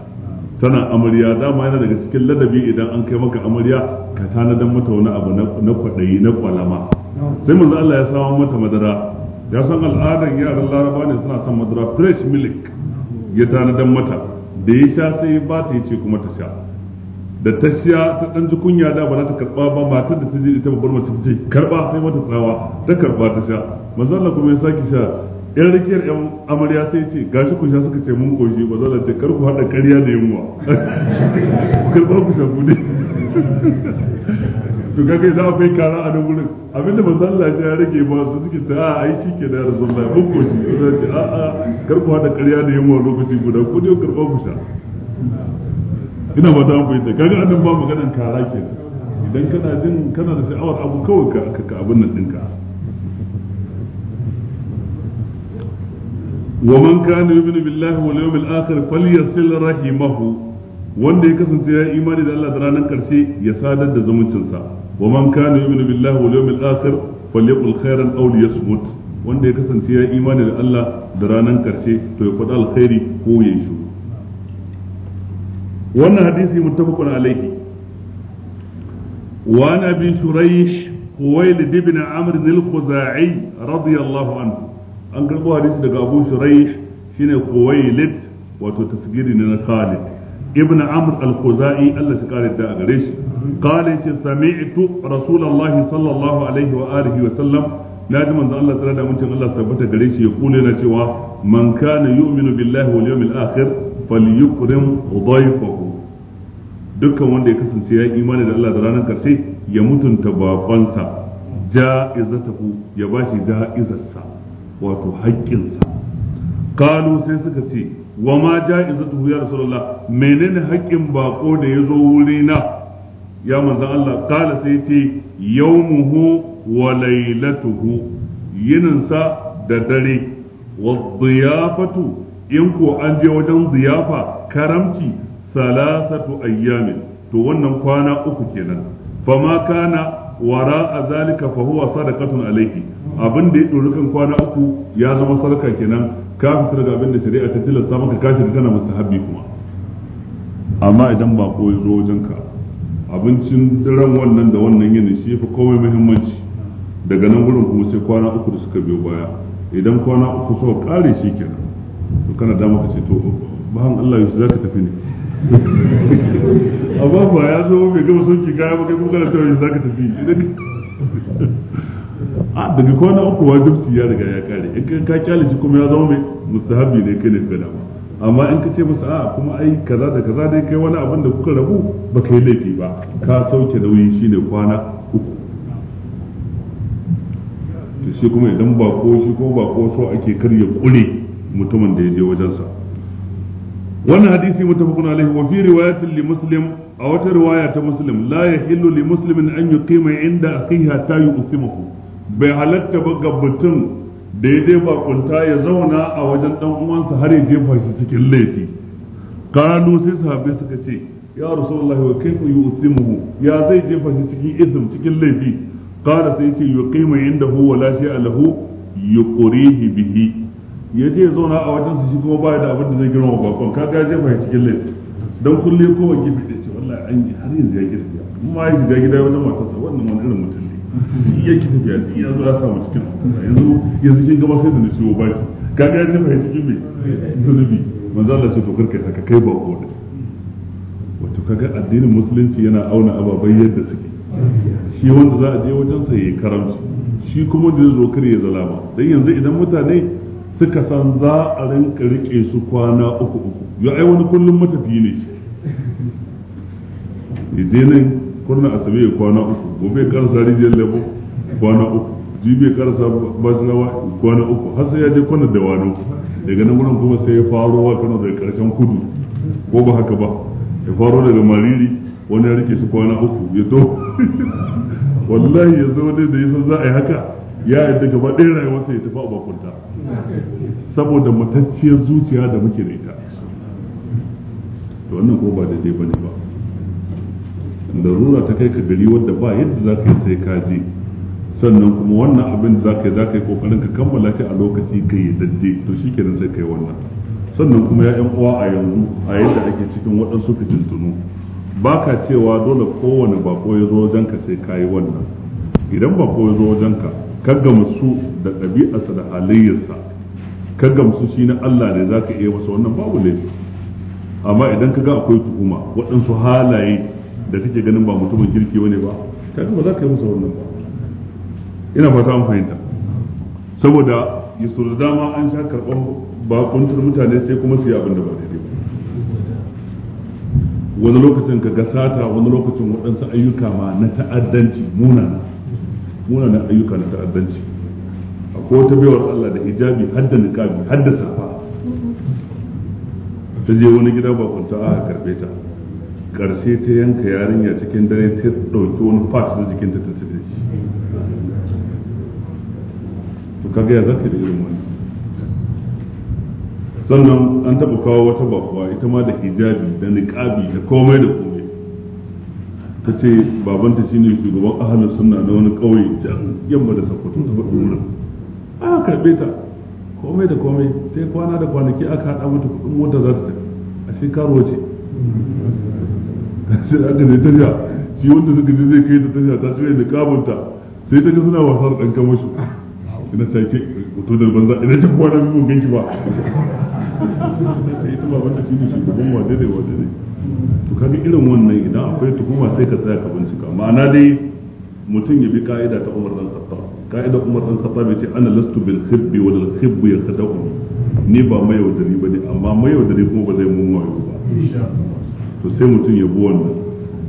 tana amarya dama yana daga cikin ladabi idan an kai maka amarya ka tanadan mata wani abu na kwaɗayi na kwalama sai manzon Allah ya samu mata madara ya san al'adar yaran laraba ne suna son madara fresh milk ya tanadan mata da ya sha sai ba ta ce kuma ta sha da ta sha ta dan ji kunya da ba za ta karba ba matar da ta je ta babbar mace ce karba sai mata tsawa ta karba ta sha manzo Allah kuma ya saki sha yan rikiyar yan amarya sai ce gashi ku sha suka ce mun goshi ba ta ce kar ku hada kariya da yunwa karba ku sha ku to kage kai za a fai kara a nan abinda ba zan lafi ya rage ba su suke ta a ai shi ke da rasu ba ko ko shi kuma ce a a da karya da yamma lokaci guda ko ne karfa ku sha ina ba ta fahimta kaga annan ba maganan kara ke idan kana jin kana da sha'awar abu kawai ka ka abin nan dinka kana كان billahi wal yawmil akhir falyasil rahimahu wanda ya kasance ya imani da Allah da ranar karshe ya sadar da zumuncinsa wa man kana yu'minu billahi wal yawmil akhir falyaqul khairan aw liyasmut wanda ya kasance ya imani da Allah da ranar karshe to ya faɗa alkhairi ko ya yi wannan hadisi muttafaqun alaihi wa an abi shuraish خويلد بن عمرو الخزاعي رضي الله عنه an karɓo hadisi daga abu shuraish shine kuwailid wato tasgiri na khalid Ibni amr al-khuzai Allah shi kare da gare shi qala yace sami'tu sallallahu alaihi wa alihi wa sallam naji manzo Allah tsara da mutum Allah tabbata gare shi ya kula na cewa man kana yu'minu billahi wal yawmil dukkan wanda ya kasance ya imani da Allah da ranar karshe ya mutunta babansa ja'izatahu ya bashi ja'izarsa wato haƙƙinsa kalu sai suka ce wa ma ja'izatuhu ya rasulullah menene haƙƙin bako da ya zo wurina? ya manzan Allah kala sai ce yawmuhu wa lailatuhu yininsa da dare wa ziyafatu in ko an je wajen ziyafa karamci salasatu ayyamin to wannan kwana uku kenan fama kana wara a zalika fa huwa sadaqatun alayhi abin da ya dori kan kwana uku ya zama sadaka kenan ka fi da abin da shari'a ta tilasta maka ka shiga kana mustahabbi kuma amma idan ba ko yi zo wajenka abincin daren wannan da wannan yini shi fi komai muhimmanci daga nan gurin kuma sai kwana uku da suka biyo baya idan kwana uku suka kare shi kenan to kana da maka ce to bahan Allah yau zaka tafi ne amma ba ya zo bai gama ki kaya ba kai kuma kana cewa yau zaka tafi a daga kwana uku wajibci ya riga ya kare in ka kyale shi kuma ya zama mai mustahabi ne kai ne kai da amma in ka ce masa a kuma ai kaza da kaza dai kai wani abin da kuka rabu ba kai laifi ba ka sauke nauyi shine kwana uku to shi kuma idan ba ko shi ko ba ko so ake karya kure mutumin da ya je wajensa wannan hadisi mutafaqun alaihi wa fi riwayatin li muslim a wata riwaya ta muslim la yahillu li muslimin an yuqima inda akhihi ta yuqimuhu bai halatta ba ga mutum da ya bakunta ya zauna a wajen dan uwansa har ya jefa shi cikin laifi kanu sai sahabbai suka ce ya rasulullahi wa kayfa yu'thimuhu ya zai jefa shi cikin ism cikin laifi qala sai ce yuqima indahu wa la shay'a lahu yuqrihi bihi ya je zauna a wajen su shi kuma ba da abin da zai girma bakon kaga ya jefa shi cikin laifi dan kulle ko wani da ce wallahi an har yanzu ya girgiya amma ya shiga gida wajen matarsa wannan wani irin mutum shi yake tafiya shi yanzu ya samu cikin yanzu yanzu kin gaba sai da na ciwo bashi kaga ya tafiya cikin mai zunubi manzo Allah ce to karka haka kai ba ko da wato kaga addinin musulunci yana auna ababai yadda suke shi wanda za a je wajen sa yayi karamci shi kuma da zo kare ya zalama dan yanzu idan mutane suka san za a rinka rike su kwana uku uku ya ai wani kullum matafi ne shi idan kurna asabe ya kwana uku gobe ya karasa rijiyar lebo kwana uku jibi ya karasa basirawa kwana uku har sai ya je kwanar da wano daga nan wurin kuma sai ya faro wa kano daga karshen kudu ko ba haka ba ya faro daga mariri wani ya rike su kwana uku ya to wallahi ya zo dai da yasan za a yi haka ya yadda gaba ɗaya sai ya tafi a bakunta saboda matacciyar zuciya da muke da ita to wannan ko ba daidai ba ne ba larura ta kai ka gari wadda ba yadda za ka yi sai ka je sannan kuma wannan abin da za ka yi za ka yi kokarin ka kammala shi a lokaci ka yi dajje to shi kenan sai ka yi wannan sannan kuma ya yan uwa a yanzu a yadda ake cikin waɗansu fitintunu ba ka cewa dole kowane bako ya zo wajen ka sai ka yi wannan idan bako ya zo wajen ka ka gamsu da ɗabi'arsa da halayyarsa ka gamsu shi na Allah ne za ka iya masa wannan babu laifi amma idan ka ga akwai tuhuma waɗansu halaye da kake ganin ba mutumin kirki wane ba kaga ba za ka yi musu wannan ba ina fata an fahimta saboda yaso da dama an sha karɓar bakuntar mutane sai kuma su yi abin da ba daidai ba wani lokacin ka gasata wani lokacin waɗansu ayyuka ma na ta'addanci munana na ayyuka na ta'addanci akwai wata baiwar Allah da hijabi hadda har hadda safa ta je wani gida bakunta a karɓe ta karshe ta yanka yarinya cikin dare ta ɗauki wani fat na jikinta ta tafi shi to kaga ya zaka da irin wani sannan an taɓa kawo wata bakuwa ita ma da hijabi da niƙabi da komai da komai ta ce babanta shine shugaban ahalin sunna na wani ƙauye jan yamma da sakkwato ta faɗi wurin aka karɓe ta komai da komai ta kwana da kwanaki aka haɗa mata kuɗin mota za ta tafi a shekaru ce sai da aka je tasha shi wanda suka je zai kai ta tasha ta cire niqabinta sai ta ga suna wasar dan kamashu ina ta hoto da banza ina ta kwana biyu ganki ba sai ita ba wanda shi ne shugaban wa dai wa dai to kaga irin wannan idan akwai tuhuma sai ka tsaya ka bincika ma'ana dai mutum ya bi ka'ida ta Umar dan Khattab ka'ida Umar dan Khattab yace ana lastu bil khibbi wal khibbu yakhda'u ni ba mayaudari bane amma mayaudari kuma ba zai mun wayo ba to sai mutum ya bi wannan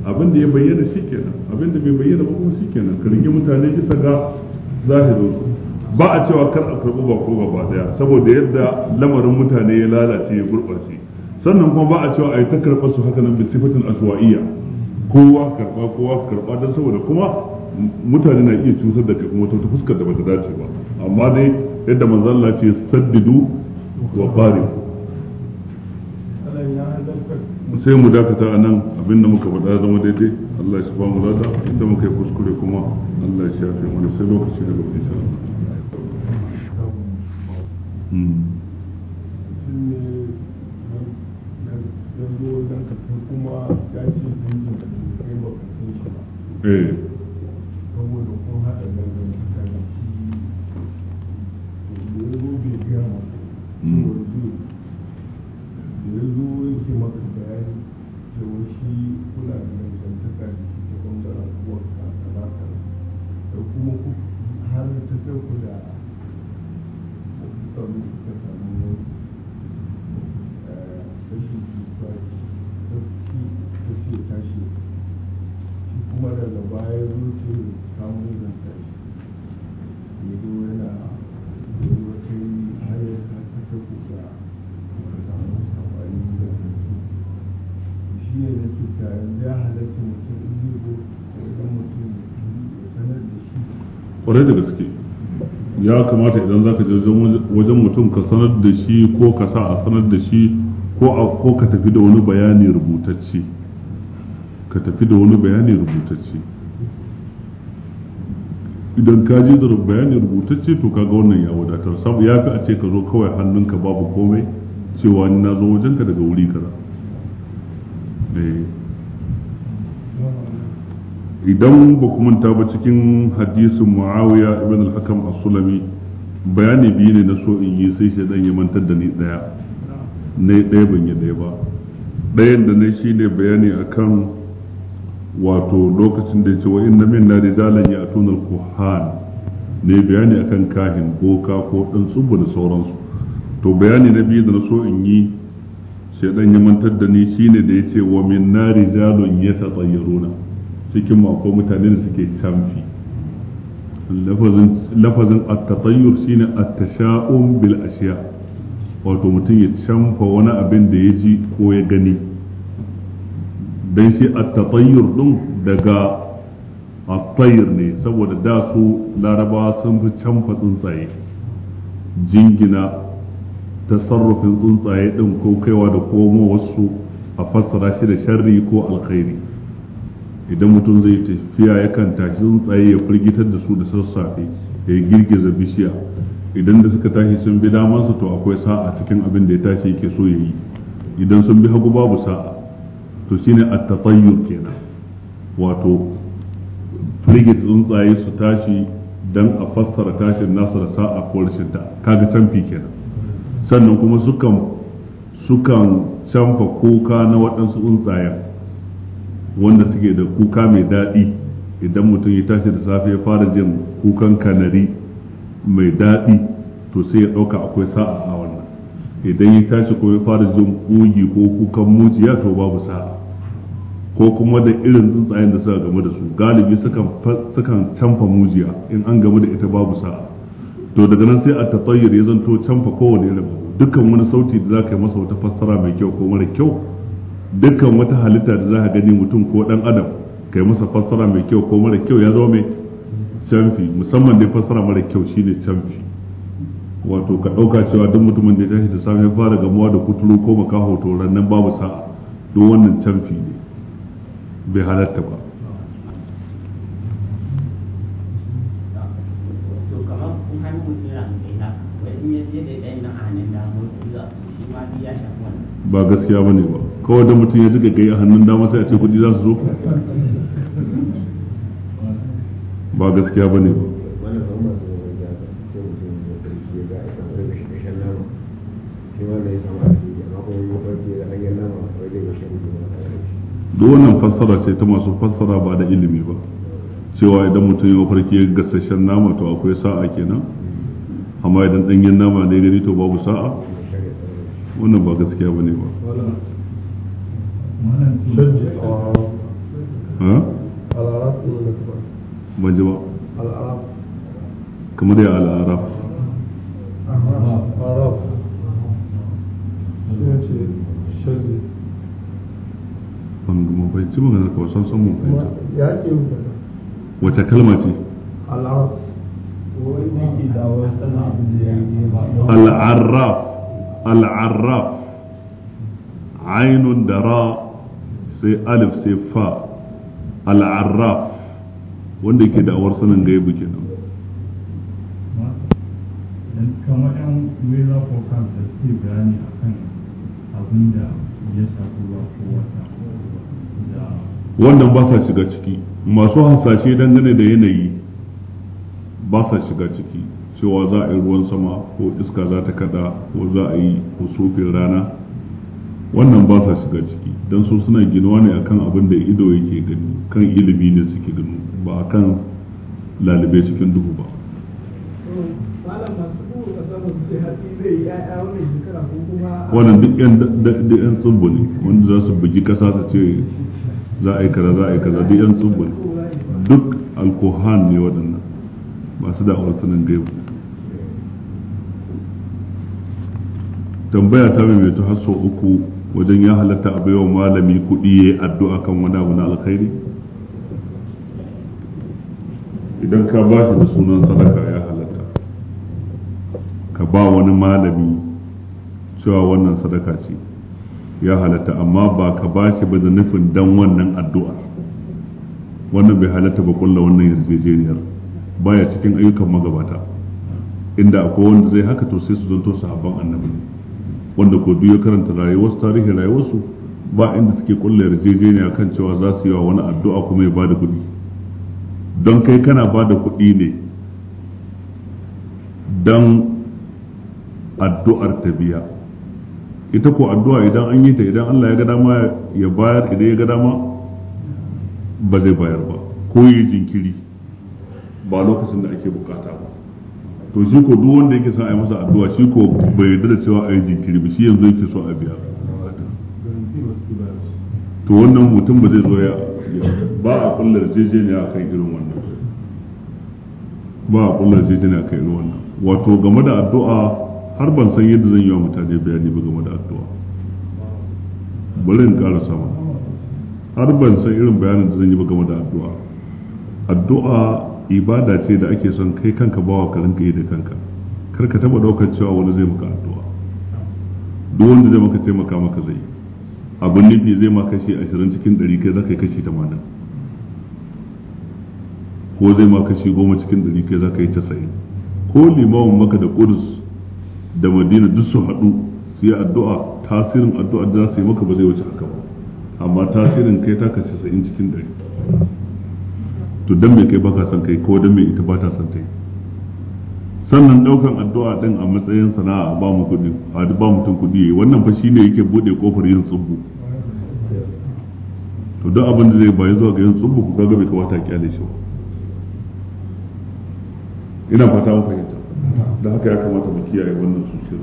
abin da ya bayyana kenan abin da bai bayyana ba kuma kenan ka rige mutane bisa ga zahirin ba a cewa kar a karɓi ba ko gaba daya saboda yadda lamarin mutane ya lalace ya gurɓace sannan kuma ba a cewa a yi ta karɓar su haka nan bi sifatin aswa'iyya kowa karɓa kowa karɓa don saboda kuma mutane na iya cutar da kai kuma ta fuskar da bata dace ba amma dai yadda manzo Allah ce saddidu wa fariqu sai mu dakata a nan abin da muka faɗa zama daidai Allah shi ba mu lada inda muka yi kuskure kuma Allah shi ya fi mana sai lokaci da lokaci insha Allah. Hmm. Eh. kwarai da gaske ya kamata idan zaka je wajen mutum ka sanar da shi ko ka sa a sanar da shi ko ka tafi da wani bayani rubutacce ka tafi da wani bayani rubutacce idan ka je da bayani rubutacce to kaga wannan ya wadatar sabu ya fi a ce ka zo kawai hannunka babu komai cewa ni na zo wajenka daga wuri kaza eh. idan ba ku manta ba cikin hadisin muawiya ibn al-hakam as-sulami bayani biyu ne na so in yi sai shaidan ya mantar da ni daya ne daya ban yi daya ba dayan da ne shine bayani akan wato lokacin da yace wa inna la rijalan ya'tuna al-kuhan ne bayani akan kahin boka ko dan tsubu da sauransu to bayani na biyu da na so in yi shaidan ya mantar da ni shine da yace wa minna rijalun yatatayyaruna cikin mako mutane da suke camfi lafazin at shi ne at bil ashiya wato mutum ya camfa wani abin da ya ji ko ya gani Don shi at din daga at ne saboda da su larabawa sun fi camfa tsuntsaye jingina tasarrufin tsuntsaye din ko kaiwa da komo wasu a fassara shi da sharri ko alkhairi idan mutum zai tafiya yakan tashi tsuntsaye ya firgitar da su da sassafe ya girgiza bishiya idan da suka tashi sun bi su to akwai sa'a cikin abin da ya tashi yake so ya yi idan sun bi hagu babu sa'a to shine at-tatayyur kenan wato sun tsuntsaye su tashi dan a fassara tashin nasa da sa'a ko rashin ta kaga canfi kenan sannan kuma sukan sukan canfa kuka na waɗansu tsuntsayen wanda suke da kuka mai daɗi idan mutum ya tashi da safe ya fara jin kukan kanari mai daɗi to sai ya ɗauka akwai sa'a a wannan idan ya tashi ko ya fara jin ƙugi ko kukan mujiya to babu sa'a ko kuma da irin tsuntsayen da suka game da su galibi sukan canfa mujiya in an game da ita babu sa'a to daga nan sai a tatayyar ya zanto canfa kowane irin dukkan wani sauti da za ka yi masa wata fassara mai kyau ko mara kyau dukkan wata halitta da za ka gani mutum ko dan adam kai masa fassara mai kyau ko mara kyau ya zama mai canfi musamman da fassara mara kyau shine canfi wato ka ɗauka cewa duk mutumin da ya tashi da safe fara gamuwa da kuturu ko makaho to nan babu sa'a duk wannan canfi ne bai halatta ba ba gaskiya bane ba kawai da mutum ya zuga gai a hannun dama sai a ce kudi za su zo ba gaskiya ba ne duk wannan fassara ce ta masu fassara ba da ilimi ba cewa idan mutum ya mafarki ya gasasshen nama to akwai sa'a kenan amma idan ɗanyen nama ne gani to babu sa'a wannan ba gaskiya ba ne ba ban ji ba kamar ya al'araf araf ya ce shazi ban gama bai ci magana ka wasan samun fahimta wace kalma ce al'araf al'araf al'araf ainun da ra' sai alif sai fa al'arraf wanda yake da'awar da awar sanin ga abin da ya wannan ba sa shiga ciki masu hasashe dangane da yanayi ba sa shiga ciki cewa za a yi ruwan sama ko iska za ta kada ko za a yi husufin rana wannan ba sa shiga ciki don su suna ginuwa ne akan abin da ido yake gani kan ilimi ne suke gani ba akan lalibai cikin duhu ba wannan duk yan tsubu ne wanda za su bugi kasa ta ce za a yi kaza za a yi kaza duk yan tsubu ne duk alkohan ne waɗannan ba su da sanin gaibu tambaya ta mai mai ta hasso uku wajen ya halatta a baiwa malami kuɗi ya yi addu'a kan wani abu na alkhairi idan ka ba shi da sunan sadaka ya halatta ka ba wani malami cewa wannan sadaka ce ya halatta amma ba ka ba shi ba da nufin dan wannan addu'a wannan bai halatta ba kulla wannan yarjejeniyar baya cikin ayyukan magabata inda akwai wanda zai haka to sai su zanto sahabban annabi wanda ko duk ya karanta rayuwar tarihin rayuwarsu ba inda suke kulle yarjejeniya kan cewa za su yi wa wani addu'a kuma ya bada kuɗi don kai kana bada kuɗi ne don addu'ar ta biya ita ko addu'a idan an yi ta idan Allah ya ga dama ya bayar idan ya ga dama ba zai bayar ba ko yi jinkiri ba lokacin da ake bukata ba to shi ko duk wanda yake son a yi masa addu'a shi ko bai yarda da cewa a yi jinkiri ba shi yanzu yake so a biya to wannan mutum ba zai zo ya ba a kullar a akan irin wannan ba a kullar a akan irin wannan wato game da addu'a har ban san yadda zan yi wa mutane bayani ba game da addu'a bari in ƙara sama har ban san irin bayanin da zan yi ba game da addu'a addu'a ibada ce da ake son kai kanka bawa ka rinka yi da kanka kar ka taba daukar cewa wani zai maka addu'a duk wanda zai maka taimaka maka zai abin nufi zai ma kashi 20 cikin 100 kai ka yi kashi 80 ko zai ma kashi 10 cikin 100 kai ka yi 90 ko limamin maka da Qudus da Madina duk su haɗu su yi addu'a tasirin addu'a da za su yi maka ba zai wuce haka ba amma tasirin kai ta kashi 70 cikin 100 to dan me kai baka son kai ko dan me ita bata son kai sannan daukan addu'a din a matsayin sana'a ba mu kudi a ba mutum kudi wannan fa shine yake bude kofar yin tsubbu to duk abin da zai bayi zuwa ga yin tsubbu ku kaga bai kamata kyale shi ba ina fata mun fahimta da haka ya kamata mu kiyaye wannan sosai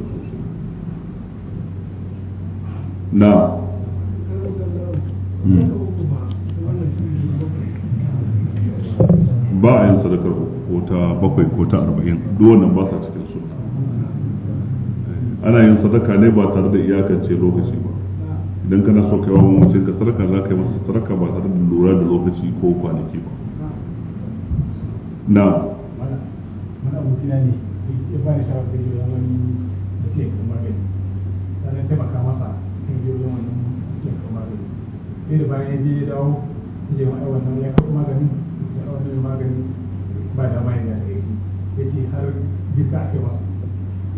da sosai na ba a yin sadakar ko ta bakwai ko ta arba'in duwannan ba sa cikin sunna ana yin sadaka ne ba tare da iyakance lokaci ba idan kana so kai wa mamacin ka sadaka za ka yi masa sadaka ba tare da lura da lokaci ko kwanaki ba na mana abokina ne ya ba ni da ya zama da ke kamar gani sannan taimaka masa kan yi zama da ke kamar gani sai da bayan ya je ya dawo sai ya ma'a wannan ya karɓi maganin masu magani ba da mai da ya ya ce har ake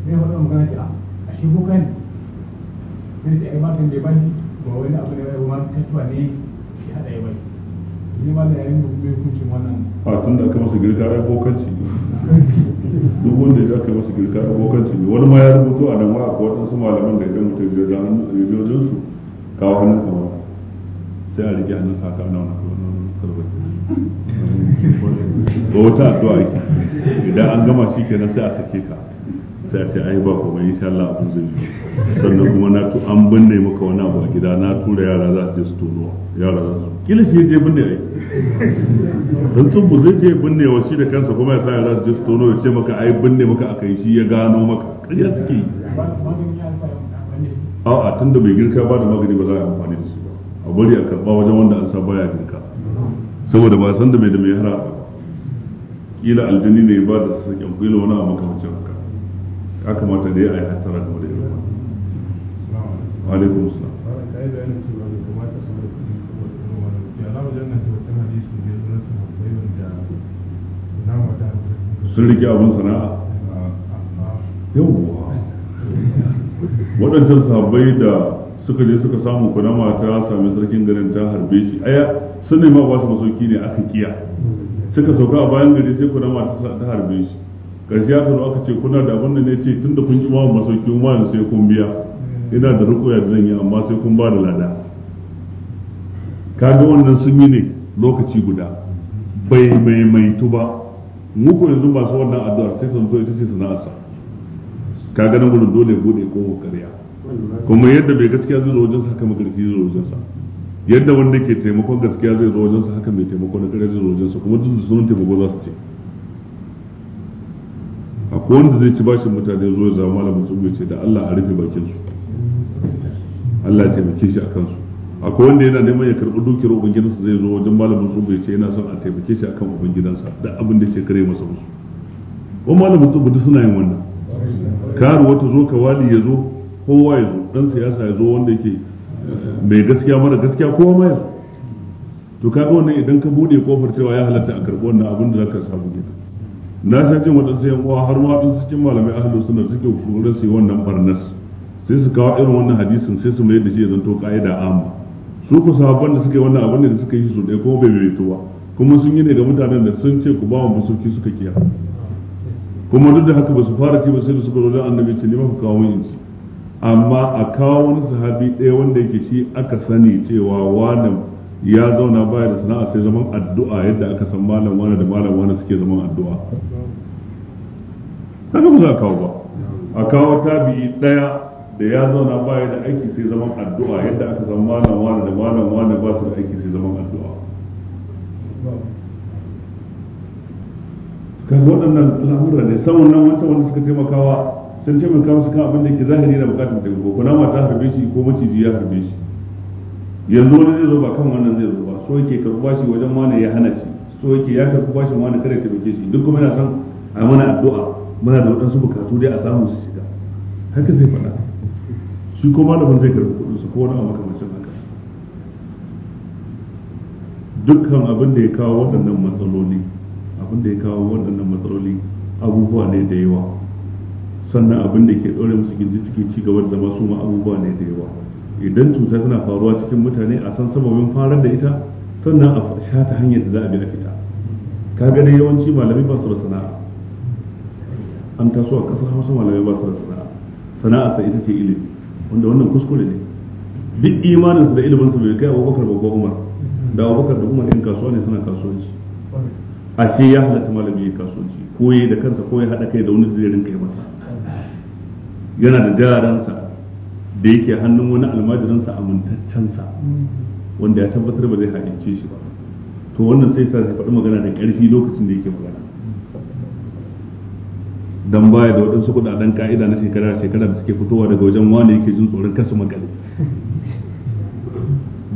ne ya faɗa magana ce ah, a shi ne ya ce ai da ba wani abu ne ya ne haɗa ya bai ne ma da yayin mai hukuncin wannan a tun da aka masa girka ai bokanci duk wanda ya aka masa girka ai bokanci ne wani ma ya rubuto a nan wa waɗansu malaman da idan mutum ya su kawo hannun kamar sai a rike hannun sa ka ana wani karbar ba wata addu'a ake idan an gama shi kenan sai a sake ka sai a ce ai ba ko bai insha Allah abin zai yi sannan kuma na to an binne maka wani abu a gida na tura yara za su je su tono yara za su kila shi je binne ai dan sun bu zai je binne wa shi da kansa kuma ya sa yara su je su tono ya ce maka ai binne maka akai shi ya gano maka kariya suke yi a'a tunda bai girka ba da magani ba za a amfani da su ba a bari a karba wajen wanda an sa baya girka saboda ba san da mai da mai hara ba kila aljani ne ba da sakin kila wani abu kamar haka ya kamata da ya ayi hattara kuma da irin wannan alaikum salam sun rike abin sana'a yawwa waɗancan da suka je suka samu kunama ta sami sarkin garin ta harbe shi aya sun nema ba su masauki ne aka kiya suka sauka a bayan gari sai kunama ta harbe shi karshe ya zo aka ce kuna da abin da ne ce da kun ƙi mawa masauki ma sai kun biya ina da rukuya da zan yi amma sai kun ba da lada kaga wannan sun yi ne lokaci guda bai maimaitu ba muku yanzu masu wannan addu'ar sai sun zo ita ce sana'arsa kaga nan gudun dole bude ko karya kuma yadda bai gaskiya zai zo wajen sa haka magarfi zai zo wajen sa yadda wanda ke taimakon gaskiya zai zo wajen sa haka mai taimako na kare zai zo wajen sa kuma duk da sunan taimako za su ce akwai wanda zai ci bashin mutane zuwa zama malamin sun ce da Allah a rufe bakin su Allah ya taimake shi a kansu akwai wanda yana neman ya karɓi dukiyar ubangidansa zai zo wajen malamin tsubu ce yana son a taimake shi akan ubangidansa da abin da ke kare masa musu kuma malamin tsubu duk suna yin wannan karuwa ta zo ka wali ya zo kowa ya zo dan siyasa ya zo wanda yake eh, mai gaskiya mara gaskiya kowa ma ya to kaga wannan idan ka bude kofar cewa ya halatta a karɓi wannan abin da zaka samu gida na san jin wadansu yan uwa har ma tun cikin malamai ahlus sunna suke kokarin su wannan barnas sai su kawo irin wannan hadisin sai su mai da shi ya zanto ka'ida amma su ku sahabban da suke wannan abin da suka yi su ɗaya kuma bai bai tuwa kuma sun yi ne ga mutanen da sun ce ku ba mu masauki suka kiya kuma duk da haka ba su fara ci ba sai da suka zo da annabi ce ne ku kawo min inci amma a kawo wani sahabi ɗaya wanda yake shi aka sani cewa wani ya zauna baya da sana'a sai zaman addu'a yadda aka san malam wani da malam wani suke zaman addu'a haka ba za kawo ba a kawo tabi'i ɗaya da ya zauna baya da aiki sai zaman addu'a yadda aka san malam wani da malam wani ba su da aiki sai zaman addu'a kan waɗannan lamura ne saman nan wancan wanda suka taimakawa sun taimaka musu kan abin da ke zahiri na bukatar taimako ko nama ta harbe shi ko maciji ya harbe shi yanzu wani zai zo ba kan wannan zai zo ba so yake karɓi bashi wajen wani ya hana shi so yake ya karɓi bashi wani kare taimake shi duk kuma yana son a mana addu'a muna da waɗansu bukatu dai a samu su shiga haka zai faɗa shi ko malamin zai karbi kuɗin su ko wani abu makamancin haka dukkan abin da ya kawo waɗannan matsaloli abin da ya kawo waɗannan matsaloli abubuwa ne da yawa sannan abin da ke ɗaure musu gindi suke ci gaba da zama su ma abubuwa ne da yawa idan cuta tana faruwa cikin mutane a san sababin farar da ita sannan a sha ta hanyar da za a bi a fita ka dai yawanci malami ba su da sana'a an taso a kasar hausa malami ba su da sana'a sana'a sai ita ce ilimi wanda wannan kuskure ne duk imaninsu da su bai kai abubakar ba ko umar da abubakar da umar in kasuwa ne suna kasuwanci ashe ya halatta malami ya kasuwanci ko ya da kansa ko ya haɗa kai da wani zirin kai masa yana da jaransa da yake hannun wani almajiransa amintaccensa wanda ya tabbatar ba zai haƙince shi ba to wannan sai sa faɗi magana da ƙarfi lokacin da yake magana dan baya da waɗansu kuɗaɗen ka'ida na shekara shekara da suke fitowa daga wajen wani yake jin tsoron kasu magani,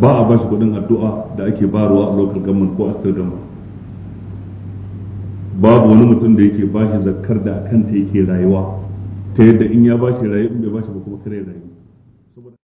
ba a ba shi kuɗin addu'a da ake barwa a local government ko a state government babu wani mutum da yake ba shi zakkar da kanta yake rayuwa ta yadda in ya bashi rayu in bai bashi ba kuma kare rayu